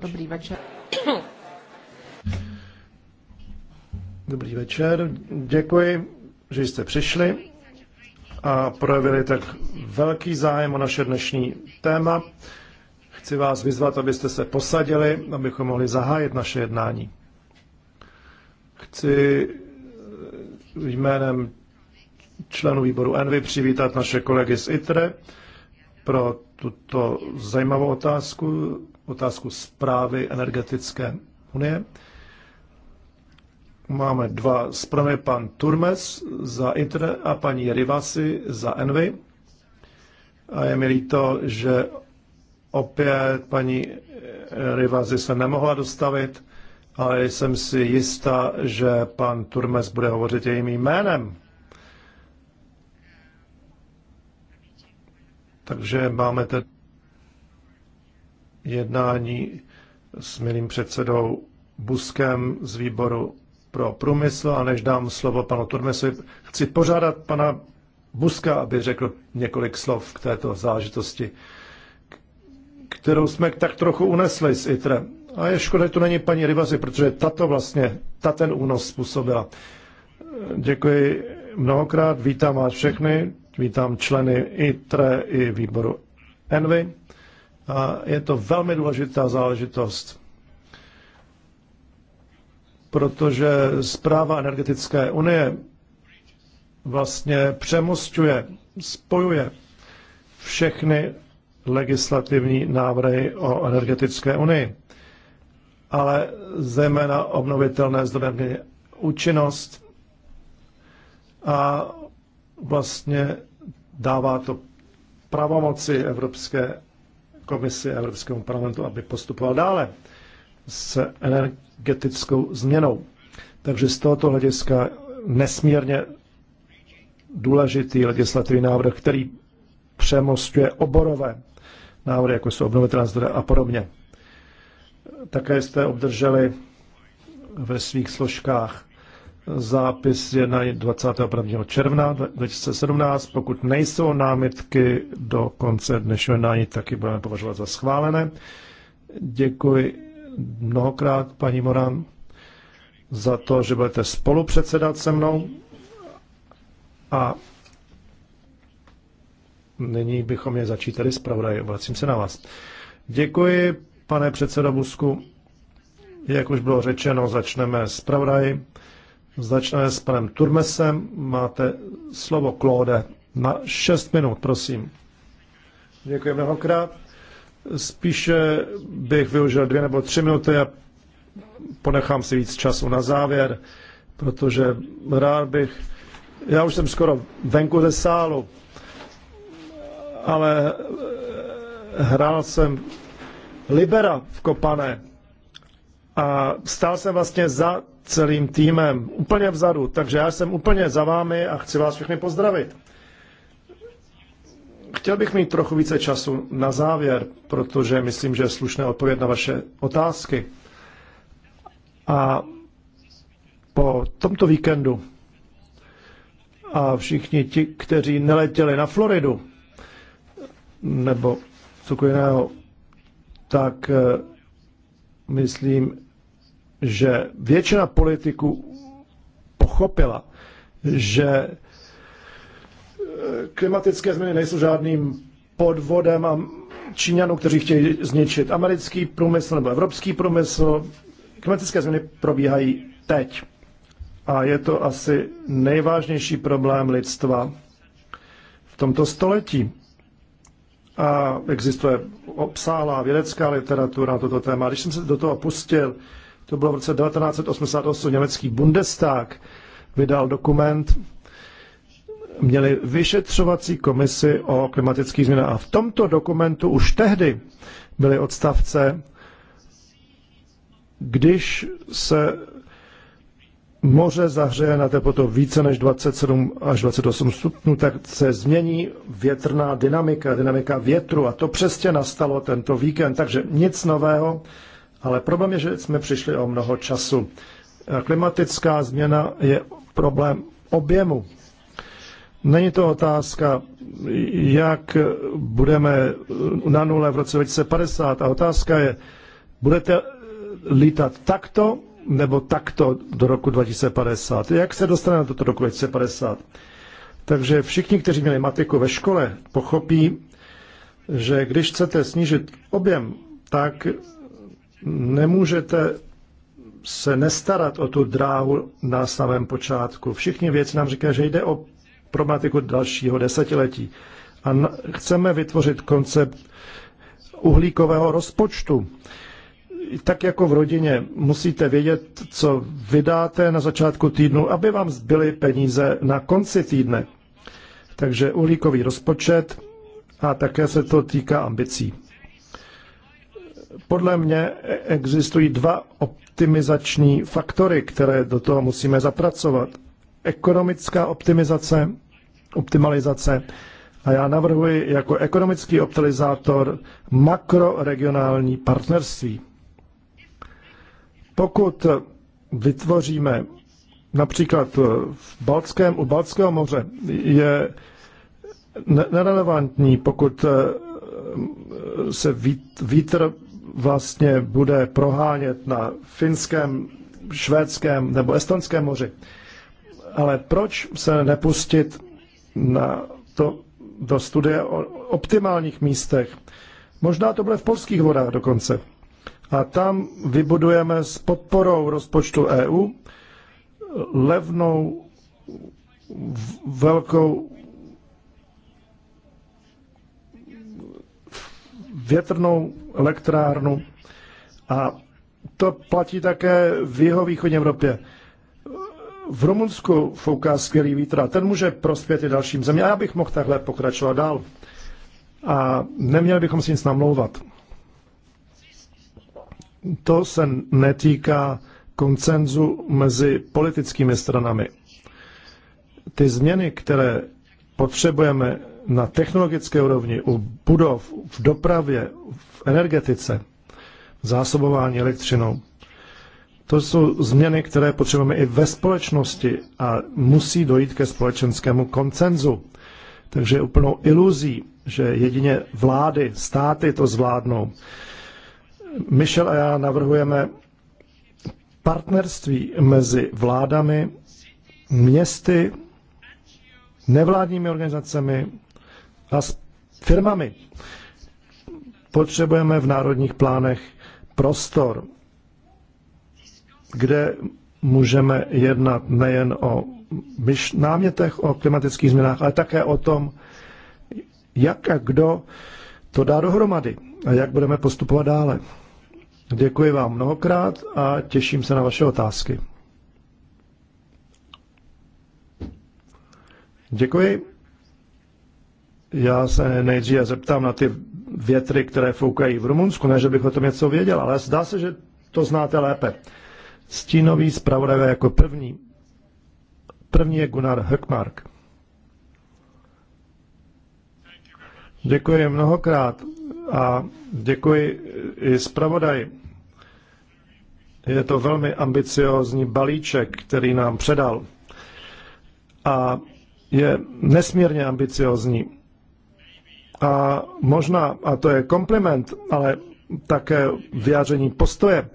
Dobrý večer. Dobrý večer. Děkuji, že jste přišli a projevili tak velký zájem o naše dnešní téma. Chci vás vyzvat, abyste se posadili, abychom mohli zahájit naše jednání. Chci eh, jménem členů výboru Envy přivítat naše kolegy z ITRE pro tuto zajímavou otázku otázku zprávy energetické unie. Máme dva zprávy, pan Turmes za ITRE a paní Rivasi za Envy. A je mi líto, že opět paní Rivasi se nemohla dostavit, ale jsem si jistá, že pan Turmes bude hovořit jejím jménem. Takže máme tedy jednání s milým předsedou Buskem z výboru pro průmysl a než dám slovo panu Turmesovi, chci požádat pana Buska, aby řekl několik slov k této zážitosti, kterou jsme tak trochu unesli s ITRE. A je škoda, že tu není paní Rybazy, protože tato vlastně, ta ten únos způsobila. Děkuji mnohokrát, vítám vás všechny, vítám členy ITRE i výboru ENVY je to velmi důležitá záležitost, protože zpráva energetické unie vlastně přemostuje, spojuje všechny legislativní návrhy o energetické unii, ale zejména obnovitelné zdroje účinnost a vlastně dává to pravomoci Evropské komisi a Evropskému parlamentu, aby postupoval dále s energetickou změnou. Takže z tohoto hlediska nesmírně důležitý legislativní návrh, který přemostuje oborové návrhy, jako jsou obnovitelné zdroje a podobně. Také jste obdrželi ve svých složkách Zápis je na 21. června 2017. Pokud nejsou námitky do konce dnešního jednání, tak ji budeme považovat za schválené. Děkuji mnohokrát, paní Moran, za to, že budete spolupředsedat se mnou. A nyní bychom je začít tady zpravodaj. Obracím se na vás. Děkuji, pane předsedo Busku. Jak už bylo řečeno, začneme zpravodaj Začneme s panem Turmesem. Máte slovo, Klóde, na 6 minut, prosím. Děkuji mnohokrát. Spíše bych využil dvě nebo tři minuty a ponechám si víc času na závěr, protože rád bych... Já už jsem skoro venku ze sálu, ale hrál jsem Libera v Kopané a stál jsem vlastně za celým týmem, úplně vzadu, takže já jsem úplně za vámi a chci vás všechny pozdravit. Chtěl bych mít trochu více času na závěr, protože myslím, že je slušné odpověd na vaše otázky. A po tomto víkendu a všichni ti, kteří neletěli na Floridu nebo cokoliv jiného, tak eh, myslím, že většina politiků pochopila, že eh, klimatické změny nejsou žádným podvodem a Číňanů, kteří chtějí zničit americký průmysl nebo evropský průmysl. Klimatické změny probíhají teď. A je to asi nejvážnější problém lidstva v tomto století a existuje obsáhlá vědecká literatura na toto téma. Když jsem se do toho pustil, to bylo v roce 1988, německý Bundestag vydal dokument, měli vyšetřovací komisi o klimatických změnách. A v tomto dokumentu už tehdy byly odstavce, když se moře zahřeje na teplotu více než 27 až 28 stupňů, tak se změní větrná dynamika, dynamika větru a to přesně nastalo tento víkend, takže nic nového, ale problém je, že jsme přišli o mnoho času. Klimatická změna je problém objemu. Není to otázka, jak budeme na nule v roce 2050, a otázka je, budete lítat takto nebo takto do roku 2050. Jak se dostaneme do roku 2050? Takže všichni, kteří měli matiku ve škole, pochopí, že když chcete snížit objem, tak nemůžete se nestarat o tu dráhu na samém počátku. Všichni věci nám říkají, že jde o problematiku dalšího desetiletí. A chceme vytvořit koncept uhlíkového rozpočtu tak jako v rodině musíte vědět, co vydáte na začátku týdnu, aby vám zbyly peníze na konci týdne. Takže uhlíkový rozpočet a také se to týká ambicí. Podle mě existují dva optimizační faktory, které do toho musíme zapracovat. Ekonomická optimizace, optimalizace a já navrhuji jako ekonomický optimalizátor makroregionální partnerství. Pokud vytvoříme například v Balckém, u Balckého moře je nerelevantní, pokud eh, se vítr vlastně bude prohánět na finském, švédském nebo estonském moři. Ale proč se nepustit na to, do studie o optimálních místech? Možná to bude v polských vodách dokonce. A tam vybudujeme s podporou rozpočtu EU levnou velkou větrnou elektrárnu a to platí také v jeho východní Evropě. V Rumunsku fouká skvělý vítr a ten může prospět i dalším zemím. A já bych mohl takhle pokračovat dál. A neměli bychom si nic namlouvat to se netýká koncenzu mezi politickými stranami. Ty změny, které potřebujeme na technologické úrovni, u budov, v dopravě, v energetice, v zásobování elektřinou, to jsou změny, které potřebujeme i ve společnosti a musí dojít ke společenskému koncenzu. Takže je úplnou iluzí, že jedině vlády, státy to zvládnou. Michel a já navrhujeme partnerství mezi vládami, městy, nevládními organizacemi a s firmami. Potřebujeme v národních plánech prostor, kde můžeme jednat nejen o námětech o klimatických změnách, ale také o tom, jak a kdo to dá dohromady a jak budeme postupovat dále. Děkuji vám mnohokrát a těším se na vaše otázky. Děkuji. Já se nejdříve zeptám na ty větry, které foukají v Rumunsku, ne, že bych o tom něco věděl, ale zdá se, že to znáte lépe. Stínový zpravodajové jako první. První je Gunnar Höckmark. Děkuji mnohokrát a děkuji i zpravodaji. Je to velmi ambiciózní balíček, který nám předal. A je nesmírně ambiciózní. A možná, a to je kompliment, ale také vyjádření postoje,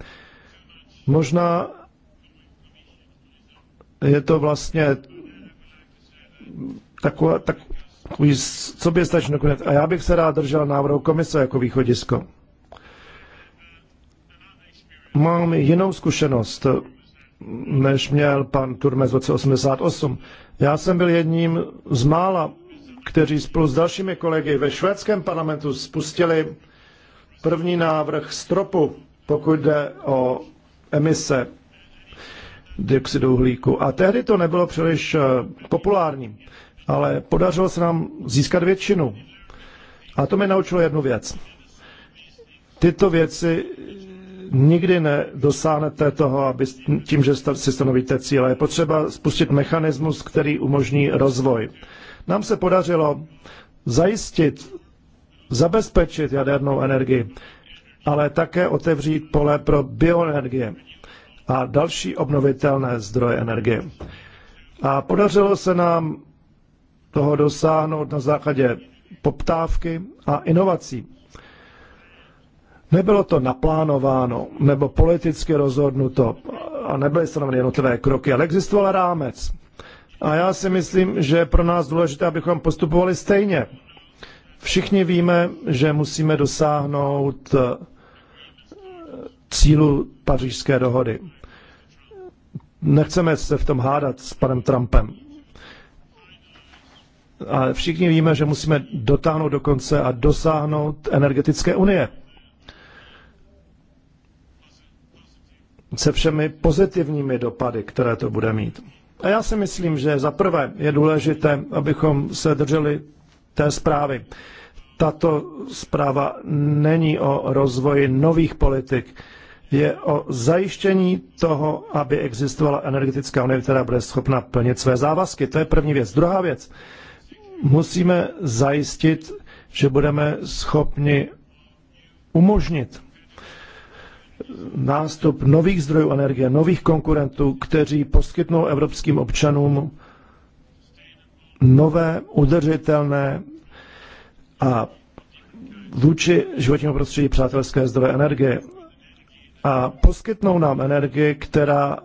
možná je to vlastně taková, tak, takový soběstačný dokument. A já bych se rád držel návrhu komise jako východisko mám jinou zkušenost, než měl pan Turmes v roce 88. Já jsem byl jedním z mála, kteří spolu s dalšími kolegy ve švédském parlamentu spustili první návrh stropu, pokud jde o emise dioxidu uhlíku. A tehdy to nebylo příliš eh, populární, ale podařilo se nám získat většinu. A to mě naučilo jednu věc. Tyto věci nikdy nedosáhnete toho, aby tím, že si stanovíte cíle. Je potřeba spustit mechanismus, který umožní rozvoj. Nám se podařilo zajistit, zabezpečit jadernou energii, ale také otevřít pole pro bioenergie a další obnovitelné zdroje energie. A podařilo se nám toho dosáhnout na základě poptávky a inovací. Nebylo to naplánováno nebo politicky rozhodnuto a nebyly stanoveny jednotlivé kroky, ale existoval rámec. A já si myslím, že je pro nás důležité, abychom postupovali stejně. Všichni víme, že musíme dosáhnout eh, cílu pařížské dohody. Nechceme se v tom hádat s panem Trumpem. Ale všichni víme, že musíme dotáhnout do konce a dosáhnout energetické unie. se všemi pozitivními dopady, které to bude mít. A já si myslím, že za prvé je důležité, abychom se drželi té zprávy. Tato zpráva není o rozvoji nových politik, je o zajištění toho, aby existovala energetická unie, která bude schopna plnit své závazky. To je první věc. Druhá věc, musíme zajistit, že budeme schopni umožnit nástup nových zdrojů energie, nových konkurentů, kteří poskytnou evropským občanům nové, udržitelné a vůči životnímu prostředí přátelské zdroje energie a poskytnou nám energii, která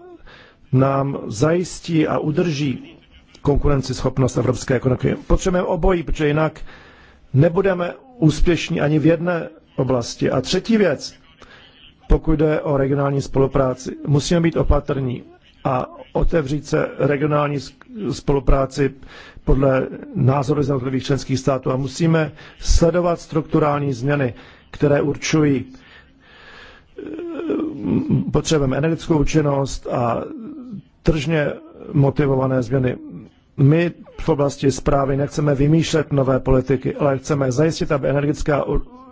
nám zajistí a udrží konkurenceschopnost evropské ekonomiky. Potřebujeme obojí, protože jinak nebudeme úspěšní ani v jedné oblasti. A třetí věc, pokud jde o regionální spolupráci. Musíme být opatrní a otevřít se regionální spolupráci podle názoru jednotlivých členských států a musíme sledovat strukturální změny, které určují eh, potřebujeme energetickou účinnost a tržně motivované změny. My v oblasti zprávy nechceme vymýšlet nové politiky, ale chceme zajistit, aby energetická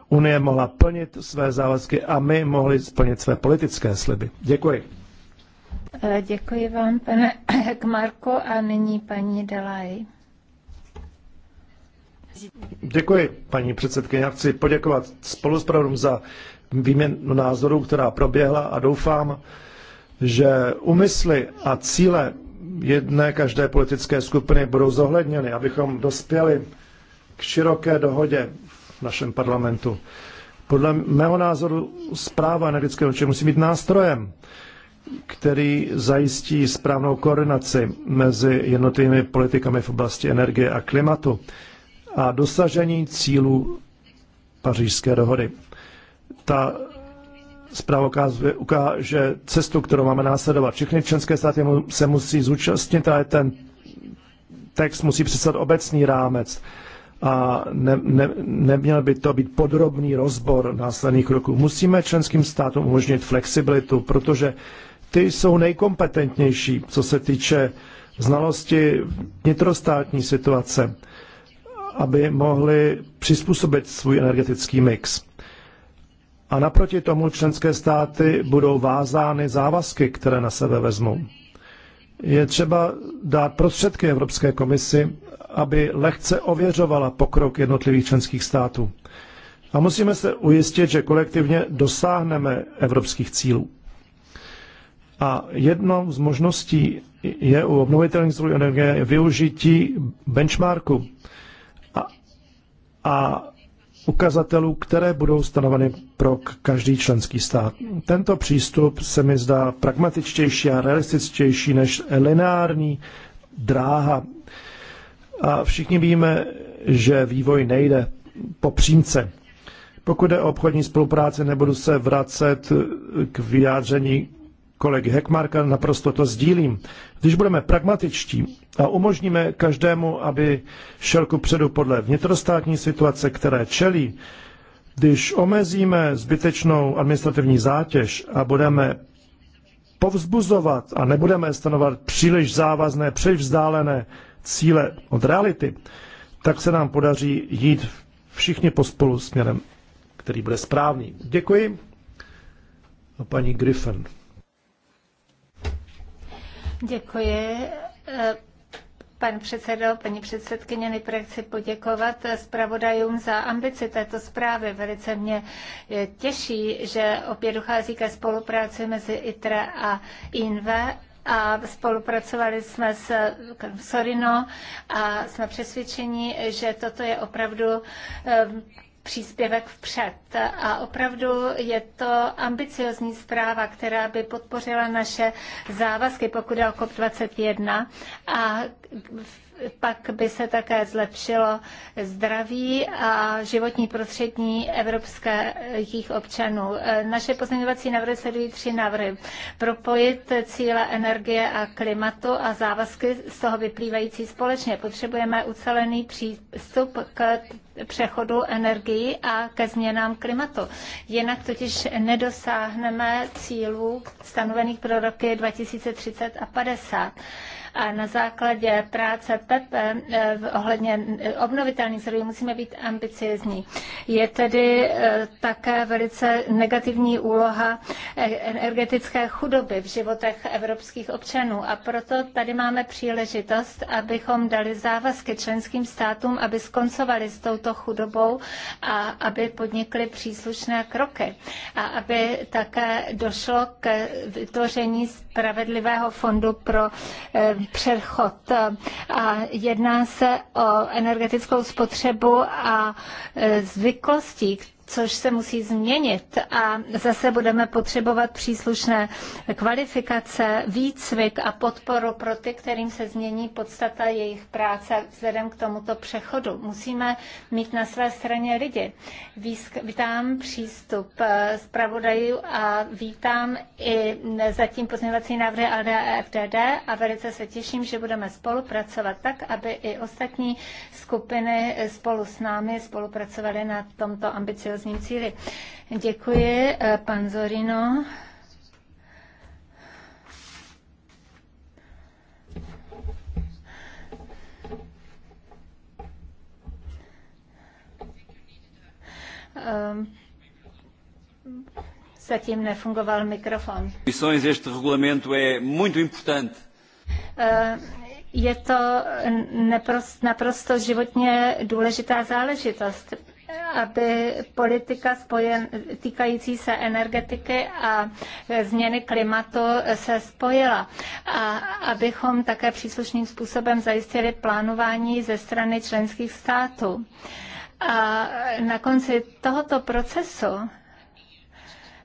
Unie mohla plnit své závazky a my mohli splnit své politické sliby. Děkuji. Eh, děkuji vám, pane Kmarko, a nyní paní Dalaj. Děkuji, paní předsedkyně. Já chci poděkovat spoluzpravodům za výměnu názorů, která proběhla a doufám, že úmysly a cíle jedné každé politické skupiny budou zohledněny, abychom dospěli k široké dohodě v našem parlamentu. Podle mého názoru zpráva energetického účtu musí být nástrojem, který zajistí správnou koordinaci mezi jednotlivými politikami v oblasti energie a klimatu a dosažení cílů pařížské dohody. Ta zpráva ukáže cestu, kterou máme následovat. Všechny členské státy se musí zúčastnit, ale ten text musí představit obecný rámec a ne, ne, neměl by to být podrobný rozbor následných kroků. Musíme členským státům umožnit flexibilitu, protože ty jsou nejkompetentnější, co se týče znalosti vnitrostátní situace, aby mohli přizpůsobit svůj energetický mix. A naproti tomu členské státy budou vázány závazky, které na sebe vezmou. Je třeba dát prostředky Evropské komisi, aby lehce ověřovala pokrok jednotlivých členských států. A musíme se ujistit, že kolektivně dosáhneme evropských cílů. A jednou z možností je u obnovitelných zdrojů energie využití benchmarku a, a ukazatelů, které budou stanoveny pro každý členský stát. Tento přístup se mi zdá pragmatičtější a realističtější než lineární dráha a všichni víme, že vývoj nejde po přímce. Pokud jde o obchodní spolupráci, nebudu se vracet k vyjádření kolegy Hekmarka, naprosto to sdílím. Když budeme pragmatičtí a umožníme každému, aby šel ku předu podle vnitrostátní situace, které čelí, když omezíme zbytečnou administrativní zátěž a budeme povzbuzovat a nebudeme stanovat příliš závazné, příliš vzdálené cíle od reality, tak se nám podaří jít všichni pospolu směrem, který bude správný. Děkuji. A paní Griffin. Děkuji. Eh, pan předsedo, paní předsedkyně, nejprve chci poděkovat zpravodajům za ambici této zprávy. Velice mě eh, těší, že opět dochází ke spolupráci mezi ITRE a INVE a spolupracovali jsme s Sorino a jsme přesvědčeni, že toto je opravdu eh, příspěvek vpřed. A opravdu je to ambiciozní zpráva, která by podpořila naše závazky, pokud je o COP21 a pak by se také zlepšilo zdraví a životní prostředí evropských občanů. Naše pozměňovací návrhy sledují tři návrhy. Propojit cíle energie a klimatu a závazky z toho vyplývající společně. Potřebujeme ucelený přístup k přechodu energií a ke změnám klimatu. Jinak totiž nedosáhneme cílů stanovených pro roky 2030 a 50 na základě práce Pepe eh, ohledně eh, obnovitelných zdrojů musíme být ambiciozní. Je tedy eh, také velice negativní úloha energetické chudoby v životech evropských občanů a proto tady máme příležitost, abychom dali závazky členským státům, aby skoncovali s touto chudobou a aby podnikli příslušné kroky a aby také došlo k vytvoření spravedlivého fondu pro přechod a jedná se o energetickou spotřebu a e, zvyklostí, což se musí změnit a zase budeme potřebovat příslušné kvalifikace, výcvik a podporu pro ty, kterým se změní podstata jejich práce vzhledem k tomuto přechodu. Musíme mít na své straně lidi. Vítám přístup eh, zpravodajů a vítám i zatím pozměňovací návrhy LDA a FDD a velice se těším, že budeme spolupracovat tak, aby i ostatní skupiny spolu s námi spolupracovaly na tomto ambiciozním ambiciozním cíli. Děkuji, eh, pan Zorino. Ehm, zatím nefungoval mikrofon. Eh, je to naprosto životně důležitá záležitost aby politika spojen, týkající se energetiky a změny klimatu se spojila a abychom také příslušným způsobem zajistili plánování ze strany členských států. A na konci tohoto procesu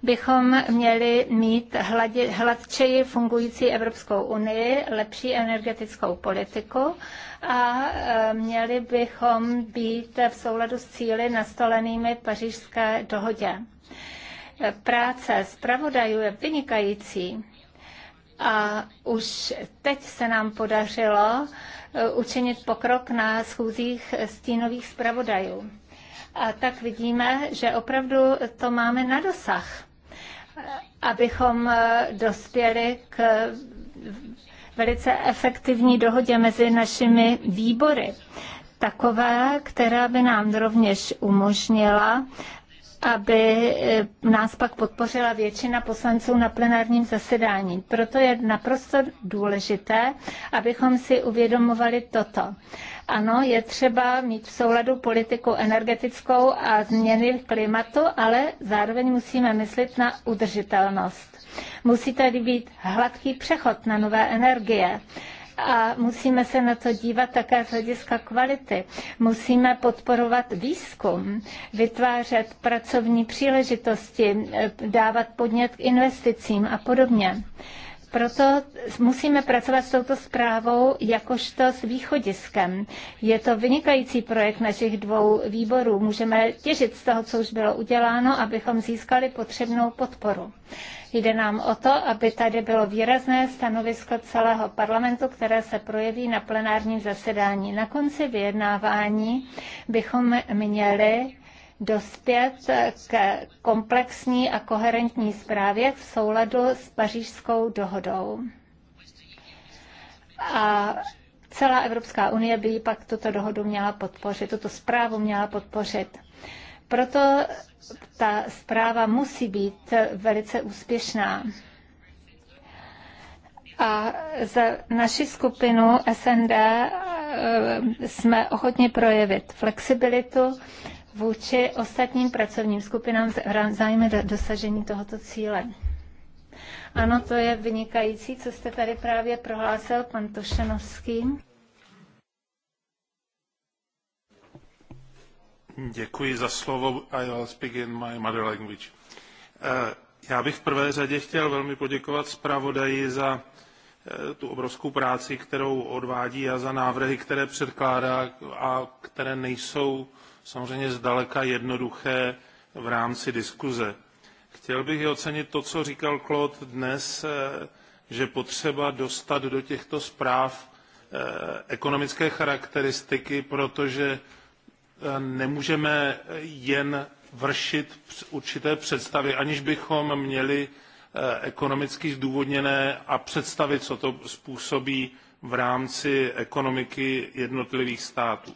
bychom měli mít hladě, hladčeji fungující Evropskou unii, lepší energetickou politiku a eh, měli bychom být v souladu s cíly nastolenými pařížské dohodě. Práce zpravodajů je vynikající a už teď se nám podařilo eh, učinit pokrok na schůzích stínových zpravodajů. A tak vidíme, že opravdu to máme na dosah abychom eh, dospěli k eh, velice efektivní dohodě mezi našimi výbory. taková, která by nám rovněž umožnila, aby eh, nás pak podpořila většina poslanců na plenárním zasedání. Proto je naprosto důležité, abychom si uvědomovali toto. Ano, je třeba mít v souladu politiku energetickou a změny klimatu, ale zároveň musíme myslet na udržitelnost. Musí tady být hladký přechod na nové energie a musíme se na to dívat také z hlediska kvality. Musíme podporovat výzkum, vytvářet pracovní příležitosti, eh, dávat podnět k investicím a podobně. Proto musíme pracovat s touto zprávou jakožto s východiskem. Je to vynikající projekt našich dvou výborů. Můžeme těžit z toho, co už bylo uděláno, abychom získali potřebnou podporu. Jde nám o to, aby tady bylo výrazné stanovisko celého parlamentu, které se projeví na plenárním zasedání. Na konci vyjednávání bychom měli dospět k komplexní a koherentní zprávě v souladu s pařížskou dohodou. A celá Evropská unie by pak tuto dohodu měla podpořit, tuto zprávu měla podpořit. Proto ta zpráva musí být velice úspěšná. A za naši skupinu SND eh, jsme ochotni projevit flexibilitu vůči ostatním pracovním skupinám zájmy dosažení tohoto cíle. Ano, to je vynikající, co jste tady právě prohlásil, pan Tošenovský. Děkuji za slovo. will speak in my mother language. Eh, já bych v prvé řadě chtěl velmi poděkovat zpravodaji za eh, tu obrovskou práci, kterou odvádí a za návrhy, které předkládá a které nejsou samozřejmě zdaleka jednoduché v rámci diskuze. Chtěl bych i ocenit to, co říkal Claude dnes, eh, že potřeba dostat do těchto zpráv eh, ekonomické charakteristiky, protože eh, nemůžeme jen vršit určité představy, aniž bychom měli ekonomicky zdůvodněné a představy, co to způsobí v rámci ekonomiky jednotlivých států.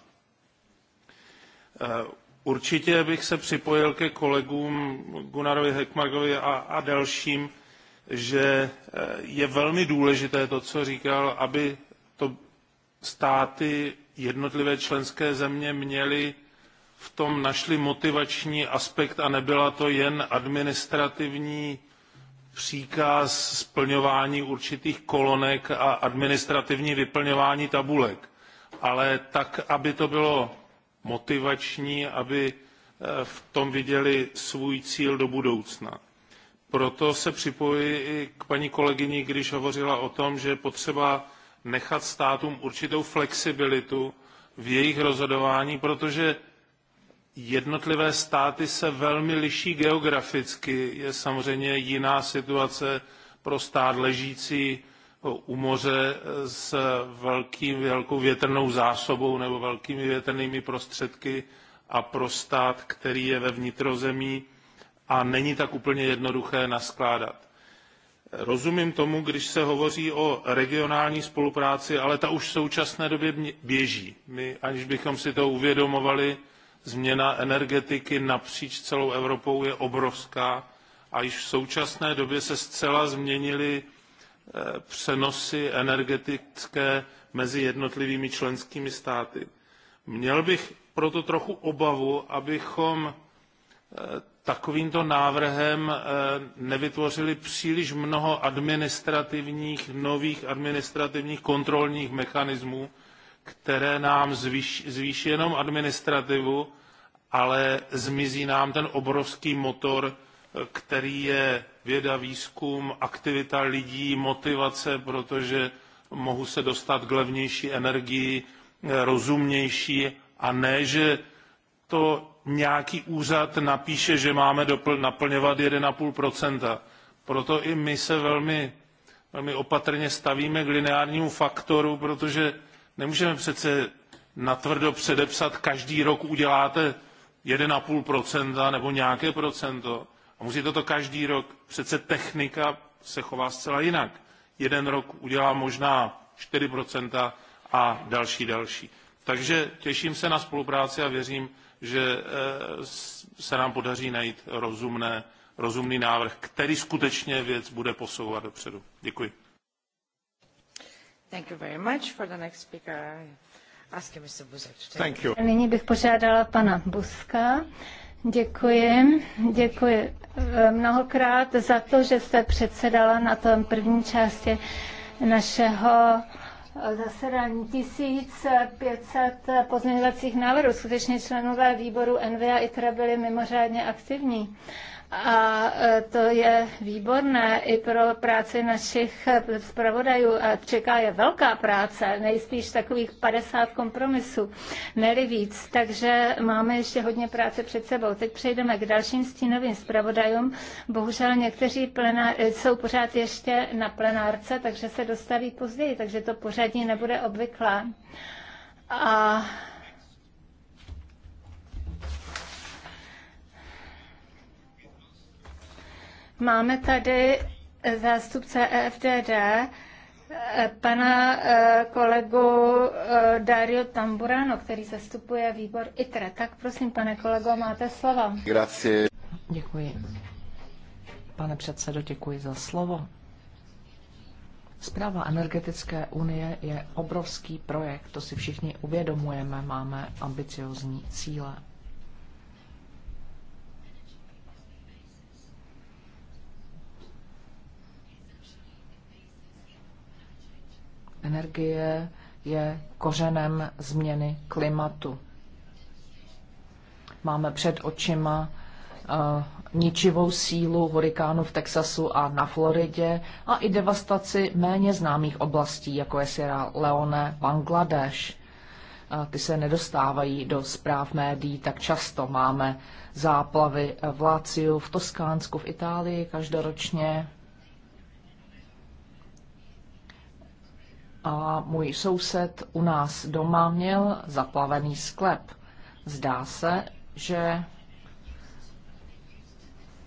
Eh, určitě bych se připojil ke kolegům Gunarovi Hekmarkovi a, a dalším, že eh, je velmi důležité to, co říkal, aby to státy, jednotlivé členské země měly v tom našli motivační aspekt a nebyla to jen administrativní příkaz splňování určitých kolonek a administrativní vyplňování tabulek, ale tak, aby to bylo motivační, aby eh, v tom viděli svůj cíl do budoucna. Proto se připojuji i k paní kolegyni, když hovořila o tom, že je potřeba nechat státům určitou flexibilitu v jejich rozhodování, protože jednotlivé státy se velmi liší geograficky. Je samozřejmě jiná situace pro stát ležící u moře s velkou větrnou zásobou nebo velkými větrnými prostředky a pro stát, který je ve vnitrozemí a není tak úplně jednoduché naskládat. Rozumím tomu, když se hovoří o regionální spolupráci, ale ta už v současné době běží. My, aniž bychom si to uvědomovali, změna energetiky napříč celou Evropou je obrovská a již v současné době se zcela změnily přenosy energetické mezi jednotlivými členskými státy. Měl bych proto trochu obavu, abychom eh, takovýmto návrhem eh, nevytvořili příliš mnoho administrativních, nových administrativních kontrolních mechanismů, které nám zvýš, zvýší jenom administrativu, ale zmizí nám ten obrovský motor který je věda, výzkum, aktivita lidí, motivace, protože mohu se dostat k levnější energii, rozumnější a ne, že to nějaký úřad napíše, že máme dopl- naplňovat 1,5 Proto i my se velmi, velmi opatrně stavíme k lineárnímu faktoru, protože nemůžeme přece natvrdo předepsat, každý rok uděláte 1,5 nebo nějaké procento a musí toto každý rok. Přece technika se chová zcela jinak. Jeden rok udělá možná 4% a další, další. Takže těším se na spolupráci a věřím, že eh, se nám podaří najít rozumné, rozumný návrh, který skutečně věc bude posouvat dopředu. Děkuji. Thank you very much for the next speaker. Ask you, Mr. Thank you. Nyní bych požádala pana Buska Děkuji, děkuji eh, mnohokrát za to, že jste předsedala na tom první části našeho zasedání 1500 pozměňovacích návrhů. Skutečně členové výboru NVA i TRA byli mimořádně aktivní. A e, to je výborné i pro práci našich e, zpravodajů. Čeká je velká práce, nejspíš takových 50 kompromisů, neli víc. Takže máme ještě hodně práce před sebou. Teď přejdeme k dalším stínovým zpravodajům. Bohužel někteří plenár, e, jsou pořád ještě na plenárce, takže se dostaví později, takže to pořád ostatně nebude obvyklé. A máme tady zástupce EFDD, pana eh, kolegu eh, Dario Tamburano, který zastupuje výbor ITRE. Tak prosím, pane kolego, máte slovo. Grazie. Děkuji. Pane předsedo, děkuji za slovo. Zpráva energetické unie je obrovský projekt, to si všichni uvědomujeme, máme ambiciozní cíle. Energie je kořenem změny klimatu. Máme před očima eh, ničivou sílu hurikánu v Texasu a na Floridě a i devastaci méně známých oblastí, jako je Sierra Leone, Bangladeš. Ty se nedostávají do zpráv médií tak často. Máme záplavy v Láciu, v Toskánsku, v Itálii každoročně. A můj soused u nás doma měl zaplavený sklep. Zdá se, že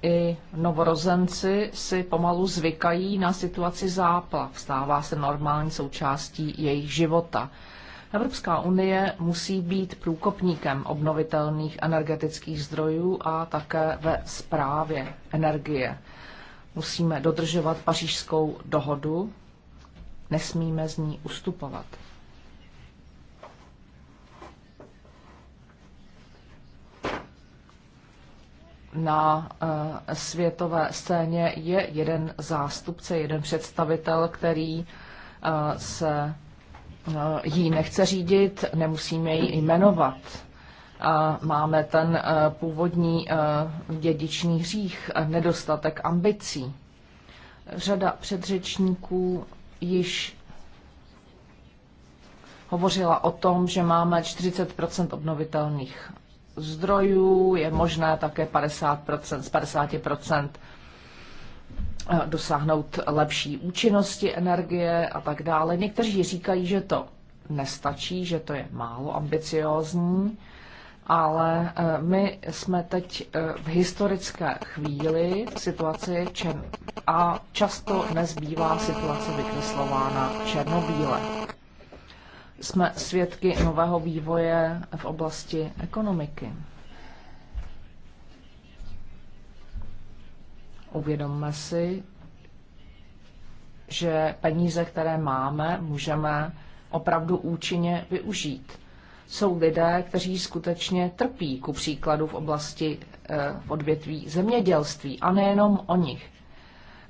i novorozenci si pomalu zvykají na situaci záplav. Stává se normální součástí jejich života. Evropská unie musí být průkopníkem obnovitelných energetických zdrojů a také ve správě energie. Musíme dodržovat pařížskou dohodu, nesmíme z ní ustupovat. na eh, světové scéně je jeden zástupce, jeden představitel, který eh, se eh, jí nechce řídit, nemusíme ji jmenovat. Máme ten původní dědičný hřích, nedostatek ambicí. Řada předřečníků již hovořila o tom, že máme 40 obnovitelných zdrojů je možné také 50%, z 50% eh, dosáhnout lepší účinnosti energie a tak dále. Někteří říkají, že to nestačí, že to je málo ambiciózní, ale eh, my jsme teď eh, v historické chvíli v situaci čen a často nezbývá situace vykreslována černobíle jsme svědky nového vývoje v oblasti ekonomiky. Uvědomme si, že peníze, které máme, můžeme opravdu účinně využít. Jsou lidé, kteří skutečně trpí, ku příkladu v oblasti v eh, odvětví zemědělství, a nejenom o nich.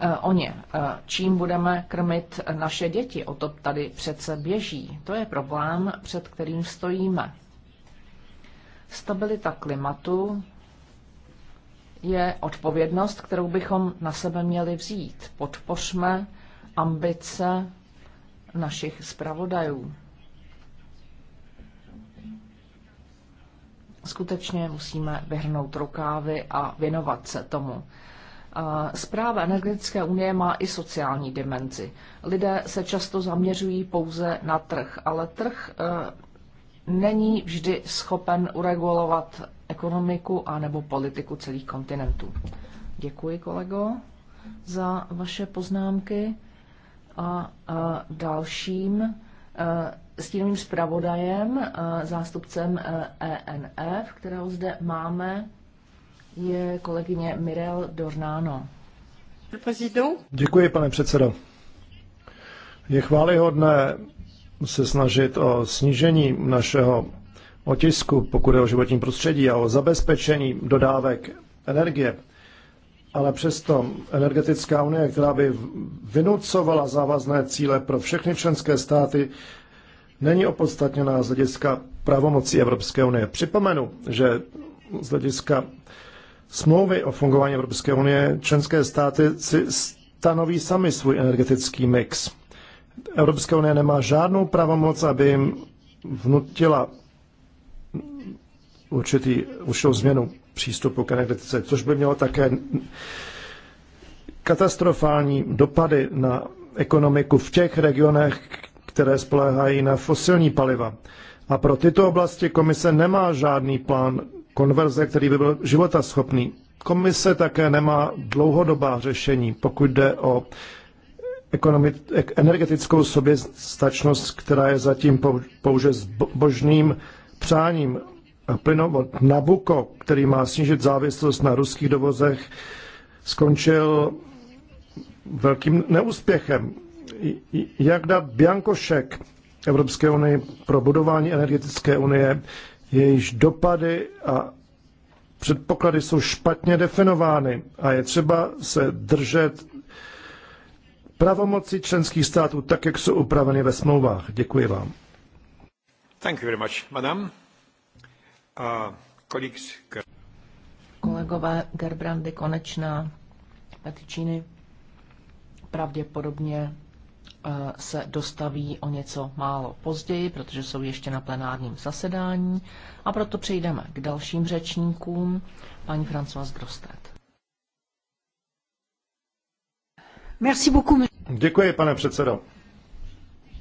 Eh, o ně. Eh, čím budeme krmit naše děti? O to tady přece běží. To je problém, před kterým stojíme. Stabilita klimatu je odpovědnost, kterou bychom na sebe měli vzít. Podpořme ambice našich zpravodajů. Skutečně musíme vyhrnout rukávy a věnovat se tomu. Zpráva energetické unie má i sociální dimenzi. Lidé se často zaměřují pouze na trh, ale trh eh, není vždy schopen uregulovat ekonomiku a nebo politiku celých kontinentů. Děkuji, kolego, za vaše poznámky. A, a eh, dalším a, eh, stínovým zpravodajem, a, zástupcem ENF, e kterého zde máme, je kolegyně Mirel Dornáno. Děkuji, pane předsedo. Je chválihodné se snažit o snížení našeho otisku, pokud je o životní prostředí a o zabezpečení dodávek energie. Ale přesto energetická unie, která by vynucovala závazné cíle pro všechny členské státy, není opodstatněná z hlediska pravomocí Evropské unie. Připomenu, že z hlediska smlouvy o fungování Evropské unie členské státy si stanoví sami svůj energetický mix. Evropská unie nemá žádnou pravomoc, aby jim vnutila určitý, určitou změnu přístupu k energetice, což by mělo také katastrofální dopady na ekonomiku v těch regionech, které spoléhají na fosilní paliva. A pro tyto oblasti komise nemá žádný plán konverze, který by byl životaschopný. Komise také nemá dlouhodobá řešení, pokud jde o energetickou soběstačnost, která je zatím pouze božným přáním. Plynovod Nabuko, který má snížit závislost na ruských dovozech, skončil velkým neúspěchem. Jak dát Biankošek Evropské unii pro budování energetické unie, jejíž dopady a předpoklady jsou špatně definovány a je třeba se držet pravomoci členských států tak, jak jsou upraveny ve smlouvách. Děkuji vám. Thank you very much, madam. Uh, colleagues... Kolegové Gerbrandy Konečná, Petičiny, pravděpodobně Eh, se dostaví o něco málo později, protože jsou ještě na plenárním zasedání. A proto přejdeme k dalším řečníkům. Paní Françoise Grostet. Merci beaucoup. Děkuji, pane předsedo.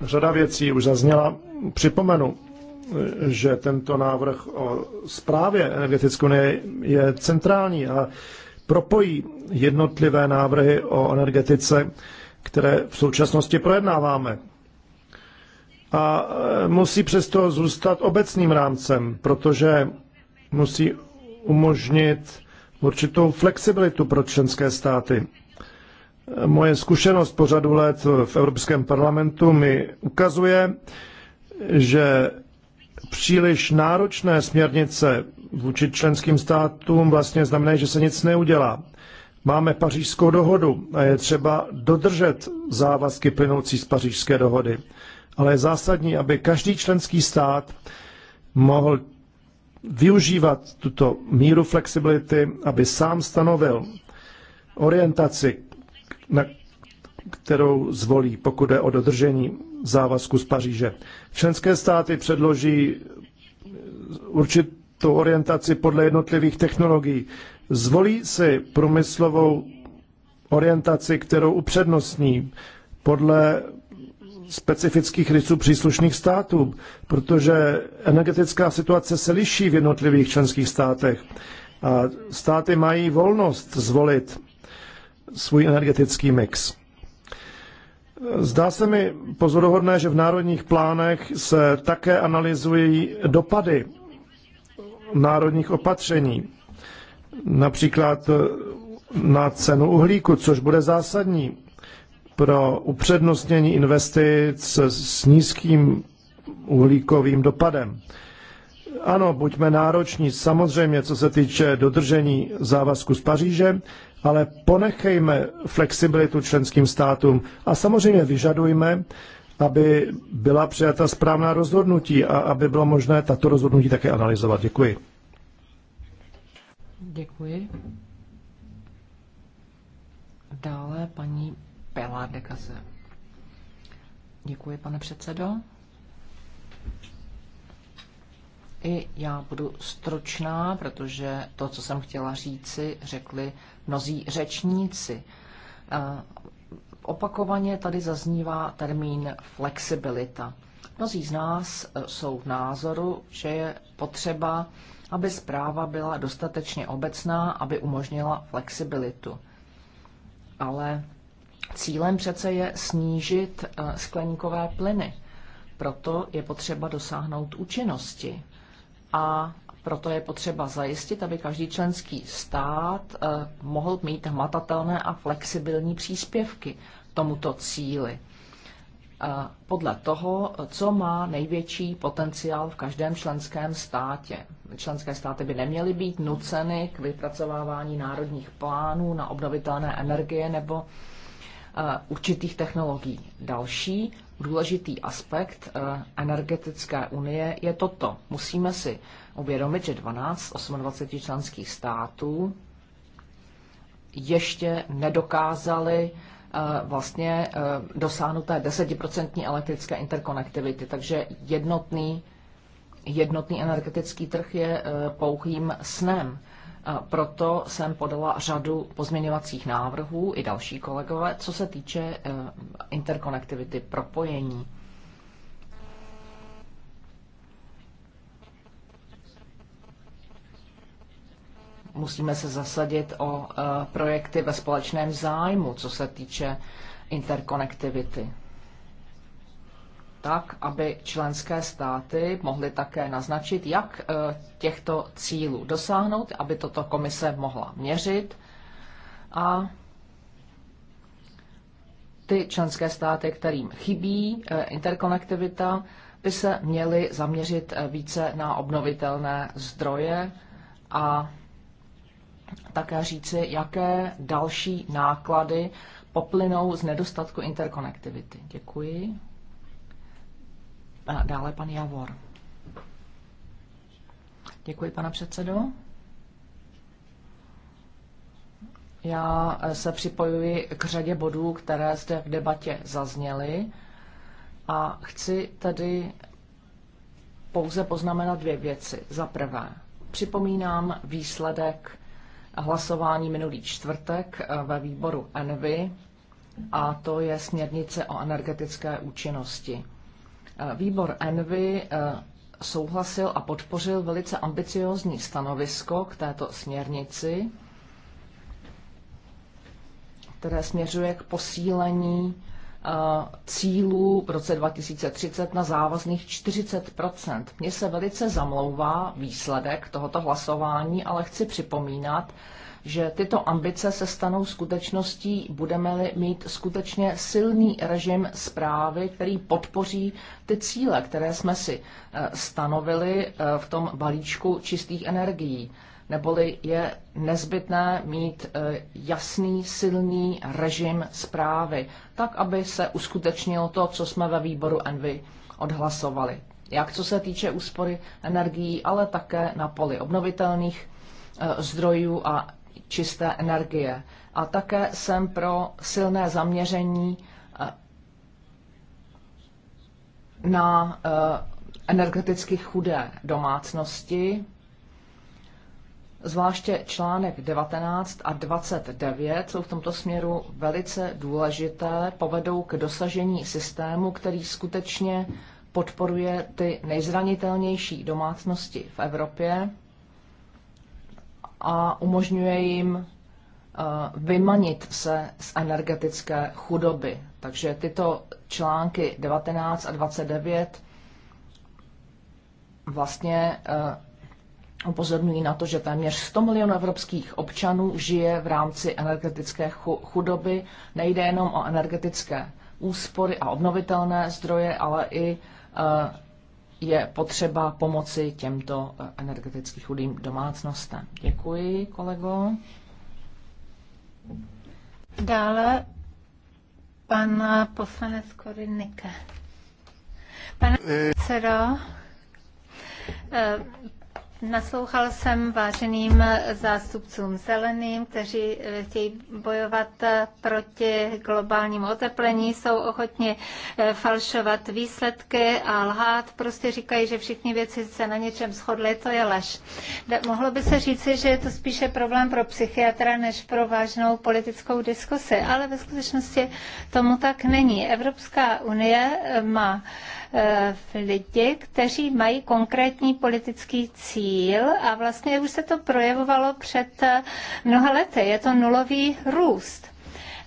Řada věcí už zazněla. Připomenu, že tento návrh o zprávě energetické unie je centrální a propojí jednotlivé návrhy o energetice které v současnosti projednáváme. A e, musí přesto zůstat obecným rámcem, protože musí umožnit určitou flexibilitu pro členské státy. E, moje zkušenost po řadu let v Evropském parlamentu mi ukazuje, že příliš náročné směrnice vůči členským státům vlastně znamená, že se nic neudělá. Máme pařížskou dohodu a je třeba dodržet závazky plynoucí z pařížské dohody. Ale je zásadní, aby každý členský stát mohl využívat tuto míru flexibility, aby sám stanovil orientaci, na kterou zvolí, pokud jde o dodržení závazku z Paříže. Členské státy předloží určitou orientaci podle jednotlivých technologií, Zvolí si průmyslovou orientaci, kterou upřednostní podle specifických rysů příslušných států, protože energetická situace se liší v jednotlivých členských státech. A státy mají volnost zvolit svůj energetický mix. Zdá se mi pozoruhodné, že v národních plánech se také analyzují dopady národních opatření například eh, na cenu uhlíku, což bude zásadní pro upřednostnění investic s nízkým uhlíkovým dopadem. Ano, buďme nároční, samozřejmě, co se týče dodržení závazku z Paříže, ale ponechejme flexibilitu členským státům a samozřejmě vyžadujme, aby byla přijata správná rozhodnutí a aby bylo možné tato rozhodnutí také analyzovat. Děkuji. Děkuji. Dále paní Pelá de Kaze. Děkuji, pane předsedo. I já budu stročná, protože to, co jsem chtěla říci, řekli mnozí řečníci. Eh, opakovaně tady zaznívá termín flexibilita. Mnozí z nás eh, jsou v názoru, že je potřeba aby zpráva byla dostatečně obecná, aby umožnila flexibilitu. Ale cílem přece je snížit eh, skleníkové plyny. Proto je potřeba dosáhnout účinnosti. A proto je potřeba zajistit, aby každý členský stát eh, mohl mít hmatatelné a flexibilní příspěvky tomuto cíli podle toho, co má největší potenciál v každém členském státě. Členské státy by neměly být nuceny k vypracovávání národních plánů na obnovitelné energie nebo e, určitých technologií. Další důležitý aspekt e, energetické unie je toto. Musíme si uvědomit, že 12 z 28 členských států ještě nedokázali Eh, vlastně eh, dosáhnuté 10% elektrické interkonektivity. Takže jednotný, jednotný energetický trh je eh, pouhým snem. Proto jsem podala řadu pozměňovacích návrhů i další kolegové, co se týče interkonektivity, propojení musíme se zasadit o eh, projekty ve společném zájmu, co se týče interkonektivity. Tak, aby členské státy mohly také naznačit, jak eh, těchto cílů dosáhnout, aby toto komise mohla měřit a ty členské státy, kterým chybí eh, interkonektivita, by se měly zaměřit více na obnovitelné zdroje a také říci, jaké další náklady poplynou z nedostatku interkonektivity. Děkuji. A dále pan Javor. Děkuji, pana předsedo. Já se připojuji k řadě bodů, které zde v debatě zazněly a chci tedy pouze poznamenat dvě věci. Za prvé, připomínám výsledek hlasování minulý čtvrtek eh, ve výboru ENVY a to je směrnice o energetické účinnosti. Eh, výbor ENVY eh, souhlasil a podpořil velice ambiciózní stanovisko k této směrnici, které směřuje k posílení cílů v roce 2030 na závazných 40 Mně se velice zamlouvá výsledek tohoto hlasování, ale chci připomínat, že tyto ambice se stanou skutečností, budeme-li mít skutečně silný režim zprávy, který podpoří ty cíle, které jsme si e, stanovili e, v tom balíčku čistých energií neboli je nezbytné mít e, jasný, silný režim zprávy, tak, aby se uskutečnilo to, co jsme ve výboru Envy odhlasovali. Jak co se týče úspory energií, ale také na poli obnovitelných e, zdrojů a čisté energie. A také jsem pro silné zaměření e, na energeticky chudé domácnosti, Zvláště článek 19 a 29 jsou v tomto směru velice důležité, povedou k dosažení systému, který skutečně podporuje ty nejzranitelnější domácnosti v Evropě a umožňuje jim eh, vymanit se z energetické chudoby. Takže tyto články 19 a 29 vlastně eh, Upozorňují na to, že téměř 100 milionů evropských občanů žije v rámci energetické chudoby. Nejde jenom o energetické úspory a obnovitelné zdroje, ale i eh, je potřeba pomoci těmto eh, energeticky chudým domácnostem. Děkuji, kolego. Dále pan poslanec Korinike. Pane předsedo, eh, Naslouchal jsem váženým zástupcům zeleným, kteří eh, chtějí bojovat eh, proti globálnímu oteplení, jsou ochotni eh, falšovat výsledky a lhát. Prostě říkají, že všichni věci se na něčem shodly, to je lež. Mohlo by se říci, že je to spíše problém pro psychiatra než pro vážnou politickou diskusi, ale ve skutečnosti tomu tak není. Evropská unie má Eh, lidi, kteří mají konkrétní politický cíl a vlastně už se to projevovalo před eh, mnoha lety. Je to nulový růst.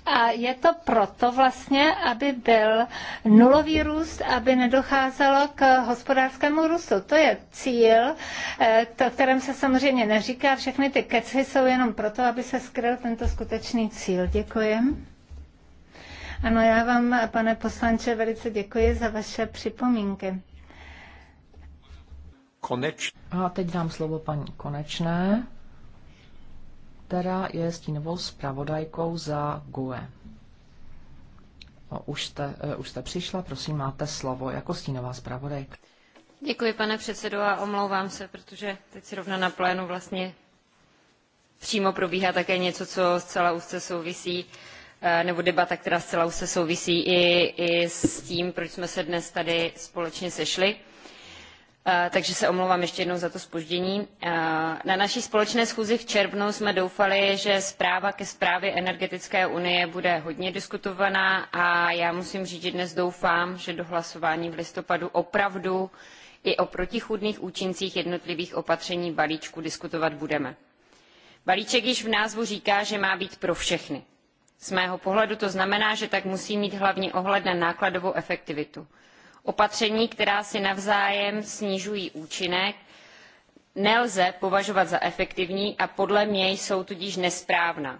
A je to proto vlastně, aby byl nulový růst, aby nedocházelo k hospodářskému růstu. To je cíl, eh, to, kterém se samozřejmě neříká. Všechny ty keci jsou jenom proto, aby se skryl tento skutečný cíl. Děkuji. Ano, já vám, pane poslanče, velice děkuji za vaše připomínky. Konečné. A teď dám slovo paní Konečné, která je stínovou zpravodajkou za GUE. už, jste, e, už jste přišla, prosím, máte slovo jako stínová zpravodajka. Děkuji, pane předsedo, a omlouvám se, protože teď rovna na plénu vlastně přímo probíhá také něco, co zcela úzce souvisí uh, Eh, nebo debata, která zcela už se souvisí i, i s tím, proč jsme se dnes tady společně sešli. Eh, takže se omlouvám ještě jednou za to spoždění. Eh, na naší společné schůzi v červnu jsme doufali, že zpráva ke zprávě energetické unie bude hodně diskutovaná a já musím říct, že dnes doufám, že do hlasování v listopadu opravdu i o protichůdných účincích jednotlivých opatření balíčku diskutovat budeme. Balíček již v názvu říká, že má být pro všechny. Z mého pohledu to znamená, že tak musí mít hlavně ohled na nákladovou efektivitu. Opatření, která si navzájem snižují účinek, nelze považovat za efektivní a podle mě jsou tudíž nesprávná.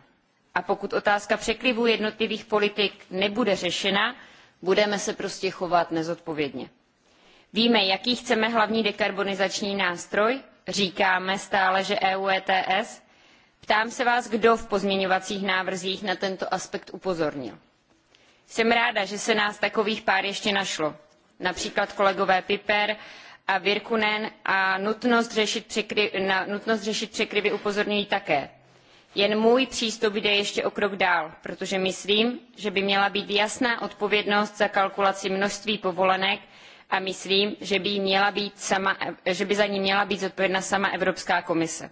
A pokud otázka překlivu jednotlivých politik nebude řešena, budeme se prostě chovat nezodpovědně. Víme, jaký chceme hlavní dekarbonizační nástroj, říkáme stále, že EU ETS, Ptám se vás, kdo v pozměňovacích návrzích na tento aspekt upozornil. Jsem ráda, že se nás takových pár ještě našlo. Například kolegové Piper a Virkunen a nutnost řešit, překry, na nutnost řešit překryvy upozorňují také. Jen můj přístup jde ještě o krok dál, protože myslím, že by měla být jasná odpovědnost za kalkulaci množství povolenek a myslím, že by, měla být sama, že by za ní měla být zodpovědna sama Evropská komise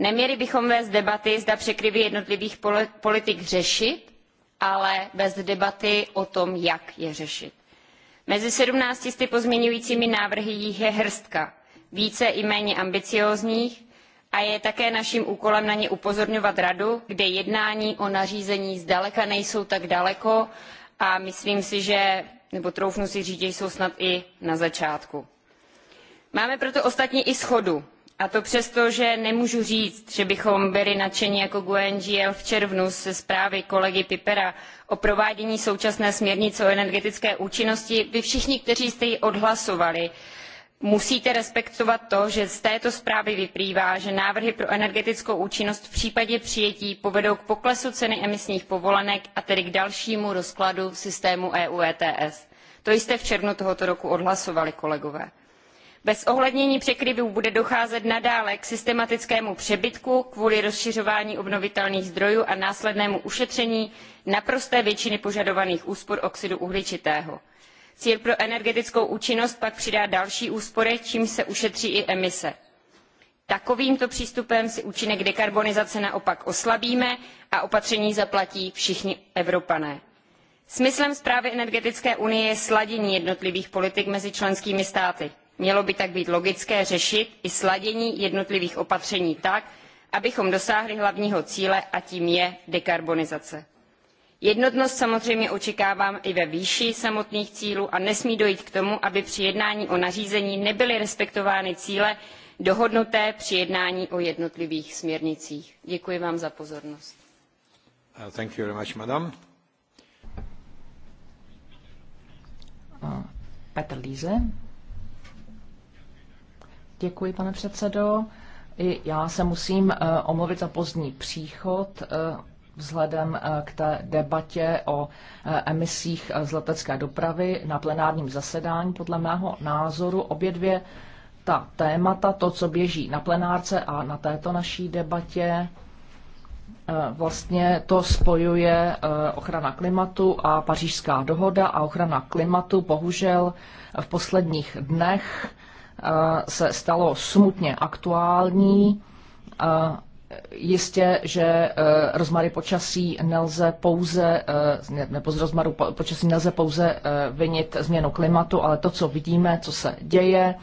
Neměli bychom vést debaty, zda překryvy jednotlivých politik řešit, ale vést debaty o tom, jak je řešit. Mezi 17 pozměňujícími návrhy jich je hrstka, více i méně ambiciózních, a je také naším úkolem na ně upozorňovat radu, kde jednání o nařízení zdaleka nejsou tak daleko a myslím si, že, nebo troufnu si říct, že jsou snad i na začátku. Máme proto ostatně i schodu a to přesto, že nemůžu říct, že bychom byli nadšeni jako NGL v červnu ze zprávy kolegy Pipera o provádění současné směrnice o energetické účinnosti. Vy všichni, kteří jste ji odhlasovali, musíte respektovat to, že z této zprávy vyplývá, že návrhy pro energetickou účinnost v případě přijetí povedou k poklesu ceny emisních povolenek a tedy k dalšímu rozkladu systému EU ETS. To jste v červnu tohoto roku odhlasovali, kolegové bez ohlednění překryvů bude docházet nadále k systematickému přebytku kvůli rozšiřování obnovitelných zdrojů a následnému ušetření naprosté většiny požadovaných úspor oxidu uhličitého. Cíl pro energetickou účinnost pak přidá další úspory, čímž se ušetří i emise. Takovýmto přístupem si účinek dekarbonizace naopak oslabíme a opatření zaplatí všichni Evropané. Smyslem zprávy energetické unie je sladění jednotlivých politik mezi členskými státy Mělo by tak být logické řešit i sladění jednotlivých opatření tak, abychom dosáhli hlavního cíle a tím je dekarbonizace. Jednotnost samozřejmě očekávám i ve výši samotných cílů a nesmí dojít k tomu, aby při jednání o nařízení nebyly respektovány cíle dohodnuté při jednání o jednotlivých směrnicích. Děkuji vám za pozornost. Uh, thank you very much, madam. Uh, Petr Líze. Děkuji, pane předsedo. I já se musím eh, omluvit za pozdní příchod eh, vzhledem eh, k té debatě o emisích z letecké dopravy na plenárním zasedání. Podle mého názoru obě dvě ta témata, to, co běží na plenárce a na této naší debatě, vlastně to spojuje ochrana klimatu a pařížská dohoda a ochrana klimatu bohužel v posledních dnech Eh, se stalo smutně aktuální. Eh, jistě, že eh, rozmary počasí nelze pouze, ne ne, rozmaru počasí nelze pouze vinit změnu klimatu, ale to, co vidíme, co se děje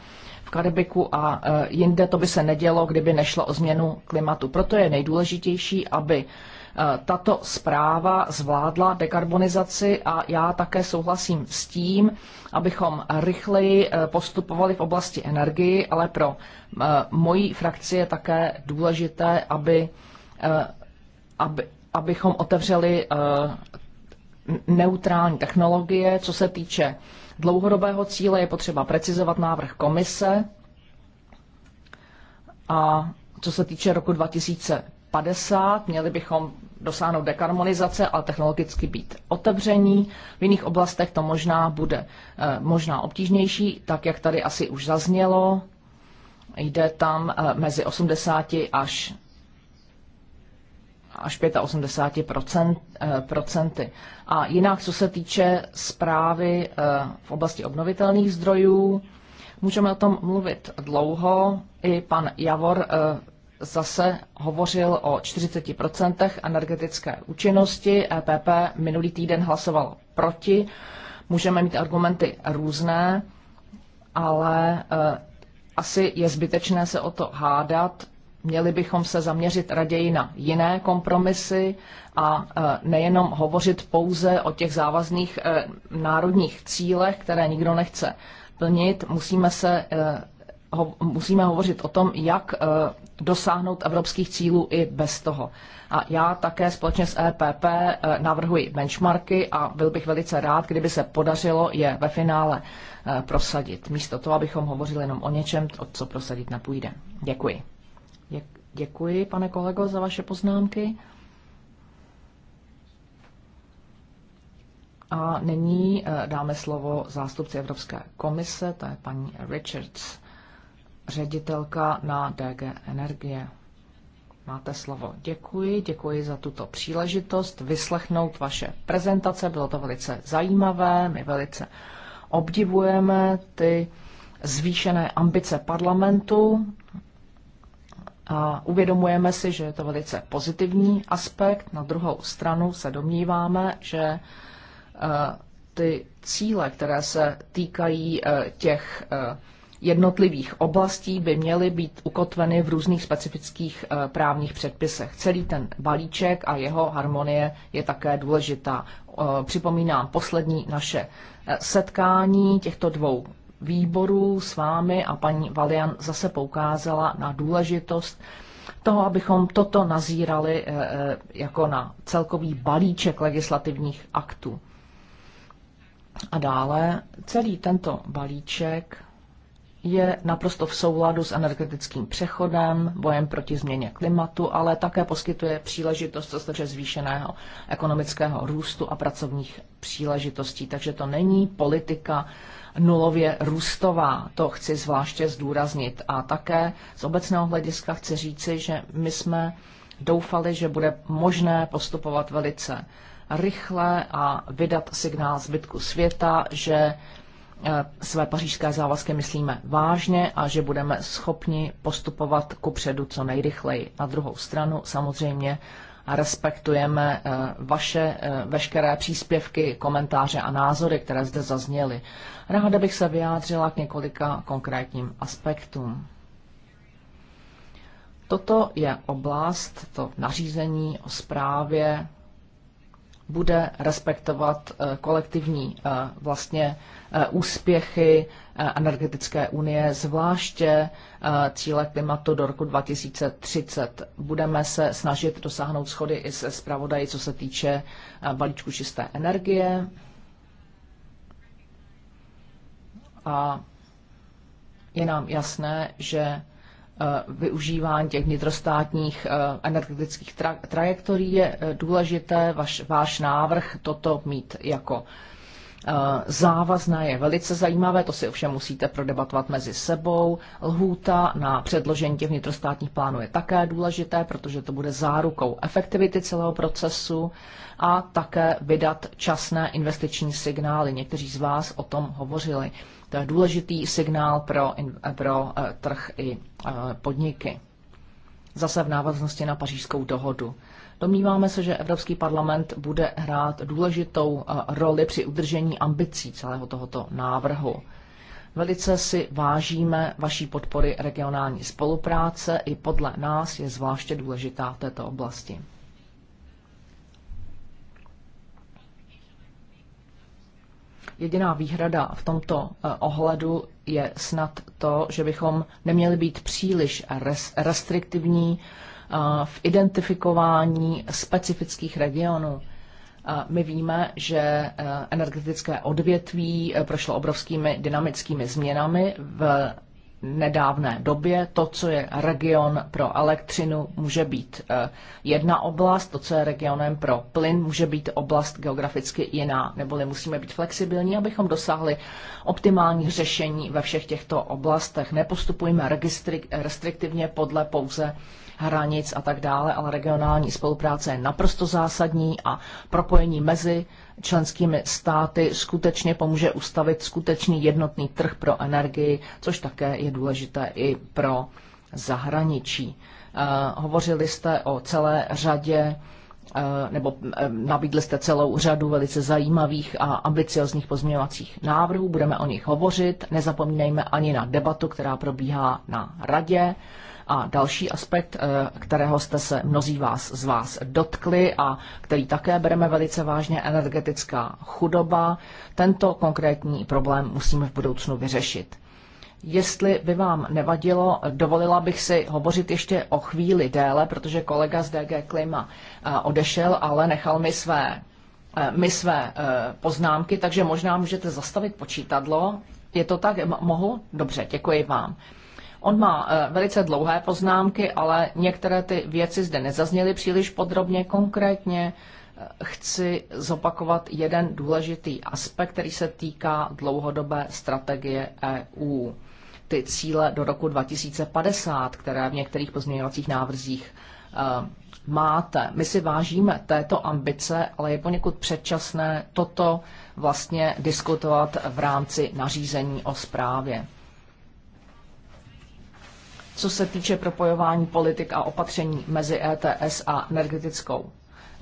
v Karibiku a jinde, to by se nedělo, kdyby nešlo o změnu klimatu. Proto je nejdůležitější, aby Eh, tato zpráva zvládla dekarbonizaci a já také souhlasím s tím, abychom rychleji eh, postupovali v oblasti energii, ale pro eh, moji frakci je také důležité, aby, aby, abychom otevřeli neutrální technologie. Co se týče dlouhodobého cíle, je potřeba precizovat návrh komise. A co se týče roku 2050, měli bychom dosáhnout dekarbonizace, ale technologicky být otevření. V jiných oblastech to možná bude eh, možná obtížnější, tak jak tady asi už zaznělo. Jde tam eh, mezi 80 až až 85 eh, procenty. A jinak, co se týče zprávy v oblasti obnovitelných zdrojů, můžeme o tom mluvit dlouho. I pan Javor zase hovořil o 40% energetické účinnosti. EPP minulý týden hlasoval proti. Můžeme mít argumenty různé, ale e, asi je zbytečné se o to hádat. Měli bychom se zaměřit raději na jiné kompromisy a e, nejenom hovořit pouze o těch závazných e, národních cílech, které nikdo nechce plnit. Musíme se musíme hovořit o tom, jak dosáhnout evropských cílů i bez toho. A já také společně s EPP eh, navrhuji benchmarky a byl bych velice rád, kdyby se podařilo je ve finále eh, prosadit. Místo toho, abychom hovořili jenom o něčem, o co prosadit nepůjde. Děkuji. Děkuji, pane kolego, za vaše poznámky. A nyní eh, dáme slovo zástupci Evropské komise, to je paní Richards ředitelka na DG Energie. Máte slovo. Děkuji, děkuji za tuto příležitost vyslechnout vaše prezentace. Bylo to velice zajímavé, my velice obdivujeme ty zvýšené ambice parlamentu a uvědomujeme si, že je to velice pozitivní aspekt. Na druhou stranu se domníváme, že eh, ty cíle, které se týkají eh, těch eh, jednotlivých oblastí by měly být ukotveny v různých specifických eh, právních předpisech. Celý ten balíček a jeho harmonie je také důležitá. Eh, připomínám poslední naše eh, setkání těchto dvou výborů s vámi a paní Valian zase poukázala na důležitost toho, abychom toto nazírali jako na celkový balíček legislativních aktů. A dále celý tento balíček je naprosto v souladu s energetickým přechodem, bojem proti změně klimatu, ale také poskytuje příležitost co se zvýšeného ekonomického růstu a pracovních příležitostí. Takže to není politika nulově růstová, to chci zvláště zdůraznit. A také z obecného hlediska chci říci, že my jsme doufali, že bude možné postupovat velice rychle a vydat signál zbytku světa, že Eh, své pařížské závazky myslíme vážně a že budeme schopni postupovat ku předu co nejrychleji. Na druhou stranu samozřejmě respektujeme eh, vaše eh, veškeré příspěvky, komentáře a názory, které zde zazněly. Ráda bych se vyjádřila k několika konkrétním aspektům. Toto je oblast, to nařízení o zprávě bude respektovat eh, kolektivní eh, vlastně eh, úspěchy energetické unie, zvláště cíle klimatu do roku 2030. Budeme se snažit dosáhnout schody i se zpravodají, co se týče balíčku čisté energie. A je nám jasné, že Eh, využívání těch vnitrostátních eh, energetických trajektorií je eh, důležité. Vaš, váš návrh toto mít jako Eh, závazná je velice zajímavé, to si ovšem musíte prodebatovat mezi sebou. Lhůta na předložení těch vnitrostátních plánů je také důležité, protože to bude zárukou efektivity celého procesu a také vydat časné investiční signály. Někteří z vás o tom hovořili. To je důležitý signál pro, eh, pro eh, trh i podniky. Zase v návaznosti na pařížskou dohodu. Domníváme se, že Evropský parlament bude hrát důležitou eh, roli při udržení ambicí celého tohoto návrhu. Velice si vážíme vaší podpory regionální spolupráce, i podle nás je zvláště důležitá v této oblasti. Jediná výhrada v tomto eh, ohledu je snad to, že bychom neměli být příliš restriktivní v identifikování specifických regionů. My víme, že e, energetické odvětví e, prošlo obrovskými dynamickými změnami v nedávné době. To, co je region pro elektřinu, může být e, jedna oblast, to, co je regionem pro plyn, může být oblast geograficky jiná, neboli musíme být flexibilní, abychom dosáhli optimální řešení ve všech těchto oblastech. Nepostupujeme restriktivně podle pouze hranic a tak dále, ale regionální spolupráce je naprosto zásadní a propojení mezi členskými státy skutečně pomůže ustavit skutečný jednotný trh pro energii, což také je důležité i pro zahraničí. Eh, hovořili jste o celé řadě eh, nebo eh, nabídli jste celou řadu velice zajímavých a ambiciozních pozměňovacích návrhů, budeme o nich hovořit. Nezapomínejme ani na debatu, která probíhá na radě a další aspekt, eh, kterého jste se mnozí vás, z vás dotkli a který také bereme velice vážně, energetická chudoba. Tento konkrétní problém musíme v budoucnu vyřešit. Jestli by vám nevadilo, dovolila bych si hovořit ještě o chvíli déle, protože kolega z DG Klima eh, odešel, ale nechal mi své, eh, mi své poznámky, takže možná můžete zastavit počítadlo. Je to tak? Mohu? Dobře, děkuji vám. On má eh, velice dlouhé poznámky, ale některé ty věci zde nezazněly příliš podrobně. Konkrétně eh, chci zopakovat jeden důležitý aspekt, který se týká dlouhodobé strategie EU. Ty cíle do roku 2050, které v některých pozměňovacích návrzích eh, máte. My si vážíme této ambice, ale je poněkud předčasné toto vlastně diskutovat v rámci nařízení o správě co se týče propojování politik a opatření mezi ETS a energetickou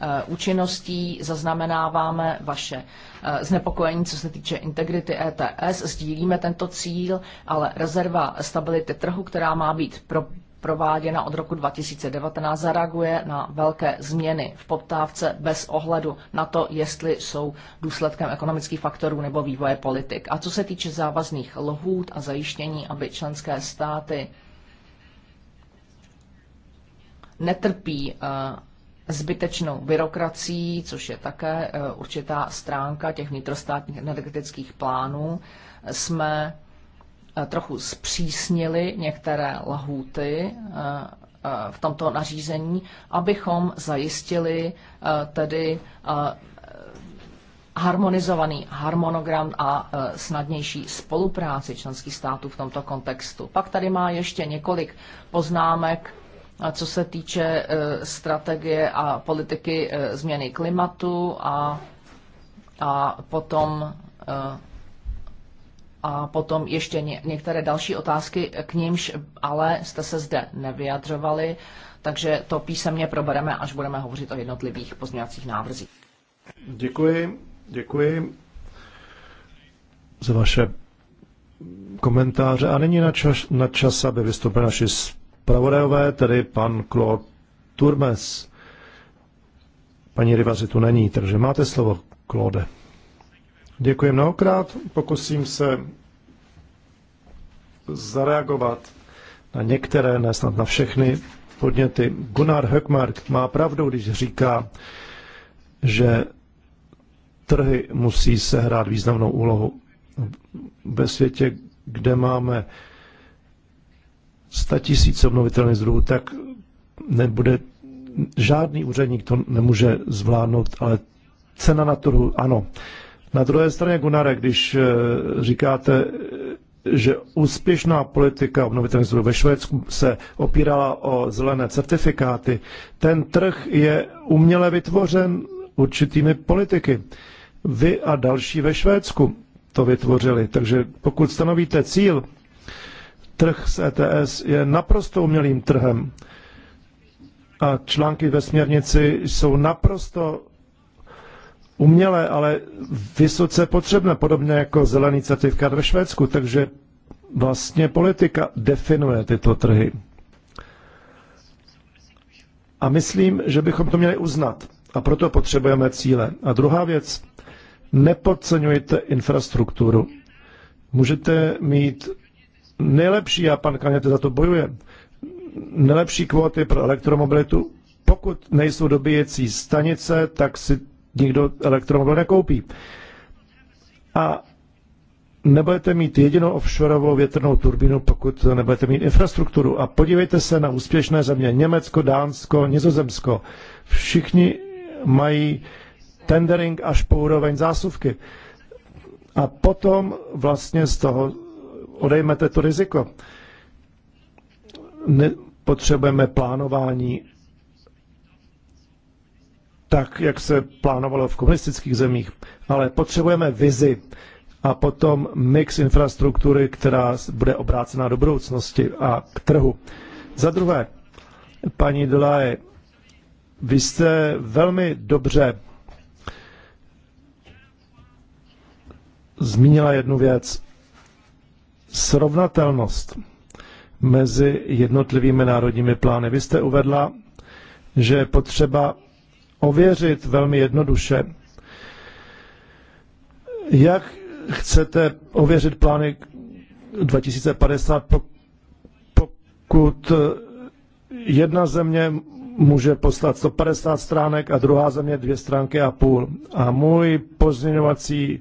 eh, účinností zaznamenáváme vaše eh, znepokojení, co se týče integrity ETS. Sdílíme tento cíl, ale rezerva stability trhu, která má být pro prováděna od roku 2019, zareaguje na velké změny v poptávce bez ohledu na to, jestli jsou důsledkem ekonomických faktorů nebo vývoje politik. A co se týče závazných lhůt a zajištění, aby členské státy netrpí eh, zbytečnou byrokracií, což je také eh, určitá stránka těch vnitrostátních energetických plánů, jsme eh, trochu zpřísnili některé lahůty v tomto nařízení, abychom zajistili tedy harmonizovaný harmonogram a snadnější spolupráci členských států v tomto kontextu. Pak tady má ještě několik poznámek co se týče e, strategie a politiky e, změny klimatu a, a potom e, a potom ještě některé další otázky, k nímž ale jste se zde nevyjadřovali, takže to písemně probereme, až budeme hovořit o jednotlivých pozměňovacích návrzích. Děkuji, děkuji za vaše komentáře a není na čas, na čas aby vystoupil naši zpravodajové, tedy pan Claude Turmes. Paní Rivaři tu není, takže máte slovo, Claude. Děkuji mnohokrát. Pokusím se zareagovat na některé, ne snad na všechny podněty. Gunnar Höckmark má pravdu, když říká, že trhy musí sehrát významnou úlohu. Ve světě, kde máme 100 tisíc obnovitelných zdrojů, tak nebude žádný úředník to nemůže zvládnout, ale cena na trhu, ano. Na druhé straně, Gunare, když eh, říkáte, že úspěšná politika obnovitelných zdrojů ve Švédsku se opírala o zelené certifikáty, ten trh je uměle vytvořen určitými politiky. Vy a další ve Švédsku to vytvořili. Takže pokud stanovíte cíl, trh s ETS je naprosto umělým trhem. A články ve směrnici jsou naprosto umělé, ale vysoce potřebné, podobně jako zelený certifikát ve Švédsku. Takže vlastně politika definuje tyto trhy. A myslím, že bychom to měli uznat. A proto potřebujeme cíle. A druhá věc, nepodceňujte infrastrukturu. Můžete mít nejlepší, a pan Kaněte za to bojuje, nejlepší kvóty pro elektromobilitu. Pokud nejsou dobíjecí stanice, tak si nikdo elektromobil nekoupí. A nebudete mít jedinou offshoreovou větrnou turbínu, pokud nebudete mít infrastrukturu. A podívejte se na úspěšné země. Německo, Dánsko, Nizozemsko. Všichni mají tendering až po úroveň zásuvky. A potom vlastně z toho odejmete to riziko. Ne, potřebujeme plánování tak, jak se plánovalo v komunistických zemích, ale potřebujeme vizi a potom mix infrastruktury, která bude obrácená do budoucnosti a k trhu. Za druhé, paní Delaje, vy jste velmi dobře zmínila jednu věc srovnatelnost mezi jednotlivými národními plány. Vy jste uvedla, že je potřeba ověřit velmi jednoduše, jak chcete ověřit plány 2050, pokud jedna země může poslat 150 stránek a druhá země dvě stránky a půl. A můj pozměňovací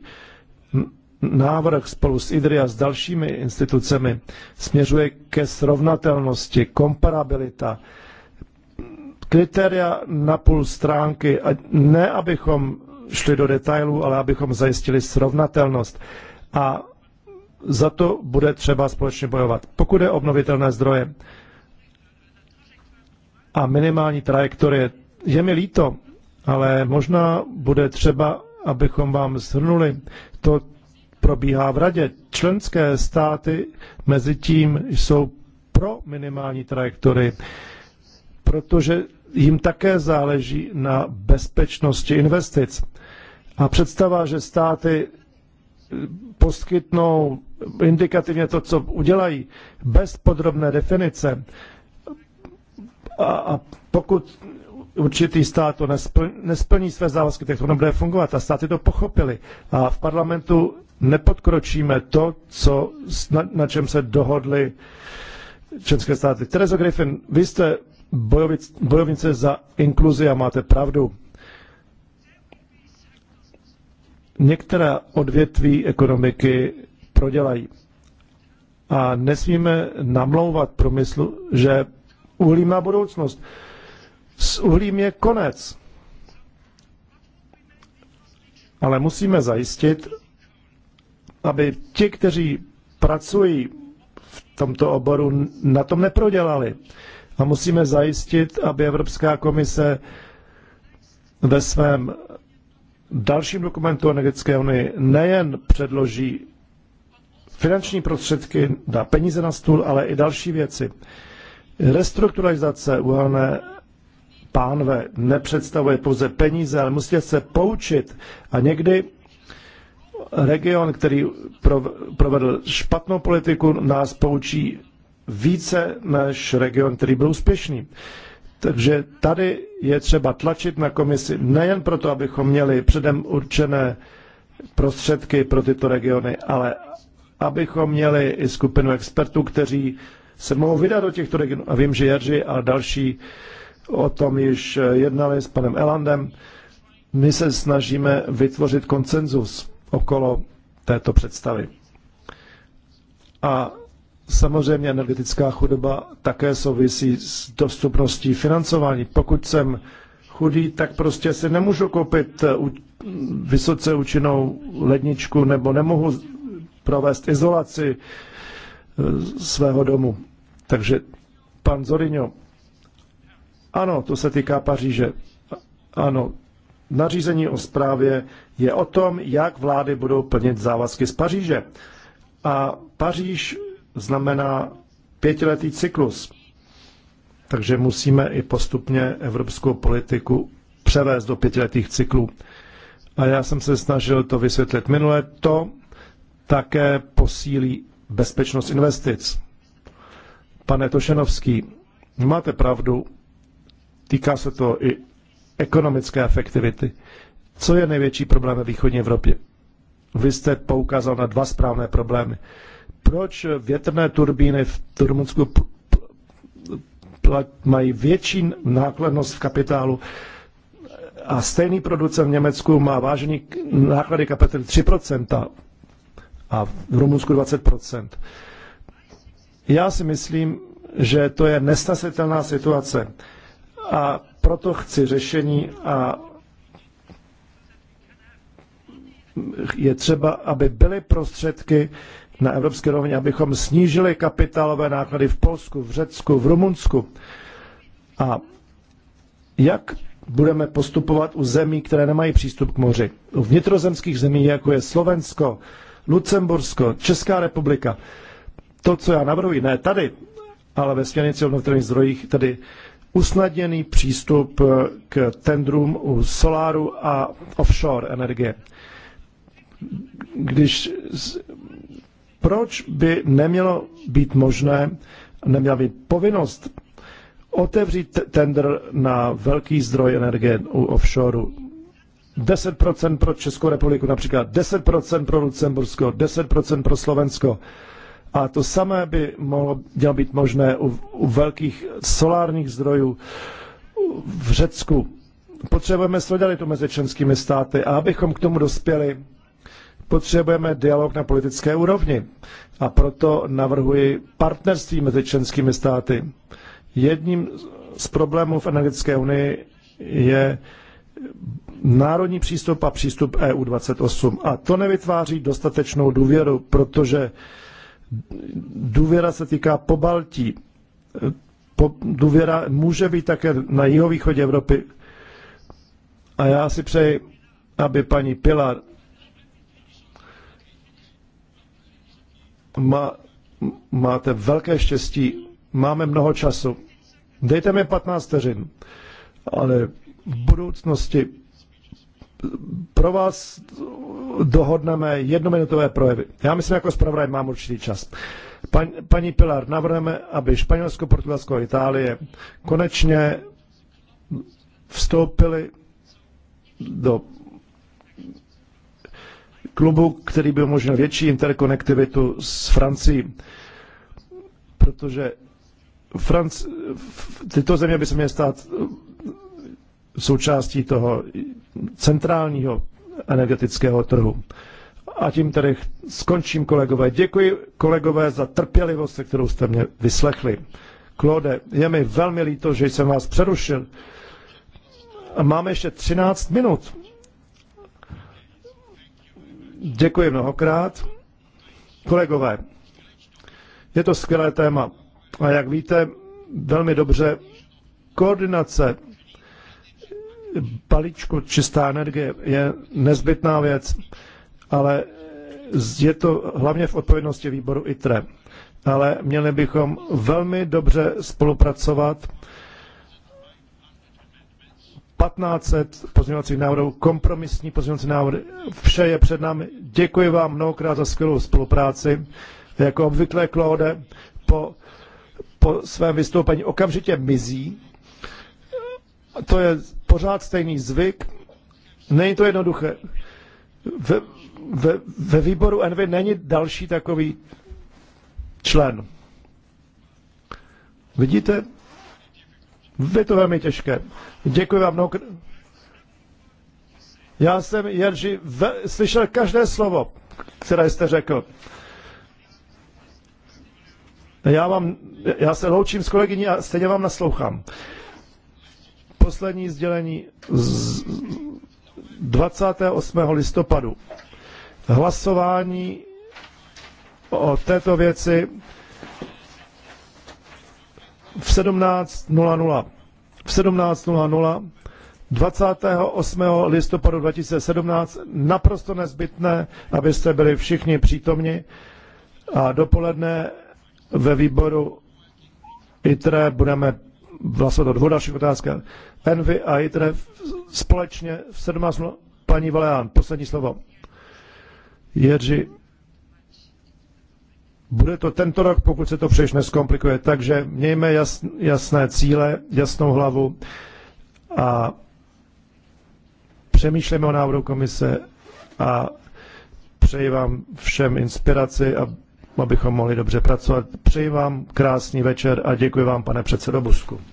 návrh spolu s IDRI a s dalšími institucemi směřuje ke srovnatelnosti, komparabilita, kritéria na půl stránky, ne abychom šli do detailů, ale abychom zajistili srovnatelnost. A za to bude třeba společně bojovat. Pokud je obnovitelné zdroje a minimální trajektorie, je mi líto, ale možná bude třeba, abychom vám shrnuli to, probíhá v radě. Členské státy mezi tím jsou pro minimální trajektory, protože jim také záleží na bezpečnosti investic. A představa, že státy poskytnou indikativně to, co udělají, bez podrobné definice. A, a pokud určitý stát to nesplní, nesplní své závazky, tak to nebude fungovat. A státy to pochopili. A v parlamentu nepodkročíme to, co, na, na čem se dohodly členské státy. Terezo Griffin, vy jste bojovic, bojovnice za inkluzi a máte pravdu. Některá odvětví ekonomiky prodělají. A nesmíme namlouvat promyslu, že uhlí má budoucnost. S uhlím je konec. Ale musíme zajistit, aby ti, kteří pracují v tomto oboru, na tom neprodělali. A musíme zajistit, aby Evropská komise ve svém dalším dokumentu energetické unie nejen předloží finanční prostředky, dá peníze na stůl, ale i další věci. Restrukturalizace uhelné pánve nepředstavuje pouze peníze, ale musíte se poučit a někdy region, který provedl špatnou politiku, nás poučí více než region, který byl úspěšný. Takže tady je třeba tlačit na komisi nejen proto, abychom měli předem určené prostředky pro tyto regiony, ale abychom měli i skupinu expertů, kteří se mohou vydat do těchto regionů. A vím, že Jerzy a další o tom již jednali s panem Elandem. My se snažíme vytvořit konsenzus okolo této představy. A samozřejmě energetická chudoba také souvisí s dostupností financování. Pokud jsem chudý, tak prostě si nemůžu koupit eh, vysoce účinnou ledničku nebo nemohu provést izolaci eh, svého domu. Takže pan Zorino, ano, to se týká Paříže. Ano, nařízení o zprávě je o tom, jak vlády budou plnit závazky z Paříže. A Paříž znamená pětiletý cyklus. Takže musíme i postupně evropskou politiku převést do pětiletých cyklů. A já jsem se snažil to vysvětlit minule. To také posílí bezpečnost investic. Pane Tošenovský, máte pravdu, týká se to i ekonomické efektivity. Co je největší problém ve východní Evropě? Vy jste poukázal na dva správné problémy. Proč větrné turbíny v Rumunsku mají větší nákladnost v kapitálu a stejný producent v Německu má vážený náklady kapitálu 3% a v Rumunsku 20%. Já si myslím, že to je nesnesitelná situace. A proto chci řešení a je třeba, aby byly prostředky na evropské rovně, abychom snížili kapitálové náklady v Polsku, v Řecku, v Rumunsku. A jak budeme postupovat u zemí, které nemají přístup k moři? U vnitrozemských zemí, jako je Slovensko, Lucembursko, Česká republika. To, co já navrhuji, ne tady, ale ve směrnici o zdrojích, tedy usnadněný přístup eh, k tendrům u soláru a offshore energie. Když, proč by nemělo být možné, neměla být povinnost otevřít tender na velký zdroj energie u offshoreu? 10% pro Českou republiku například, 10% pro Lucembursko, 10% pro Slovensko. A to samé by mohlo, mělo být možné u, u velkých solárních zdrojů v Řecku. Potřebujeme solidaritu mezi členskými státy a abychom k tomu dospěli, potřebujeme dialog na politické úrovni. A proto navrhuji partnerství mezi členskými státy. Jedním z problémů v energetické unii je národní přístup a přístup EU 28. A to nevytváří dostatečnou důvěru, protože Důvěra se týká Baltí. Po, důvěra může být také na jihovýchodě Evropy. A já si přeji, aby paní Pilar má, máte velké štěstí, máme mnoho času. Dejte mi 15 vteřin, ale v budoucnosti pro vás dohodneme jednominutové projevy. Já myslím, jako zpravodaj mám určitý čas. Pan, paní Pilar, navrhneme, aby Španělsko, Portugalsko a Itálie konečně vstoupili do klubu, který by umožnil větší interkonektivitu s Francií, protože Franc, tyto země by se měly stát součástí toho centrálního energetického trhu. A tím tedy skončím, kolegové. Děkuji, kolegové, za trpělivost, se kterou jste mě vyslechli. Klode, je mi velmi líto, že jsem vás přerušil. Máme ještě 13 minut. Děkuji mnohokrát. Kolegové, je to skvělé téma. A jak víte, velmi dobře koordinace balíčku čistá energie je nezbytná věc, ale je to hlavně v odpovědnosti výboru ITRE. Ale měli bychom velmi dobře spolupracovat. 1500 pozměňovacích návrhů, kompromisní pozměňovací návrhy, vše je před námi. Děkuji vám mnohokrát za skvělou spolupráci. Jako obvykle, Claude, po, po svém vystoupení okamžitě mizí, to je pořád stejný zvyk. Není to jednoduché. Ve, ve, ve výboru Nv není další takový člen. Vidíte? Je to velmi těžké. Děkuji vám no. Já jsem, Jerži, ve, slyšel každé slovo, které jste řekl. Já, vám, já se loučím s kolegyní a stejně vám naslouchám poslední sdělení z 28. listopadu. Hlasování o této věci v 17.00. V 17.00 28. listopadu 2017 naprosto nezbytné, abyste byli všichni přítomni a dopoledne ve výboru ITRE budeme hlasovat o dvou dalších otázkách. Envy a ITRE společně v 17. Paní Valeán, poslední slovo. Jerzy, bude to tento rok, pokud se to příliš neskomplikuje, takže mějme jasné cíle, jasnou hlavu a přemýšlejme o návrhu komise a přeji vám všem inspiraci, a, abychom mohli dobře pracovat. Přeji vám krásný večer a děkuji vám, pane předsedo Busku.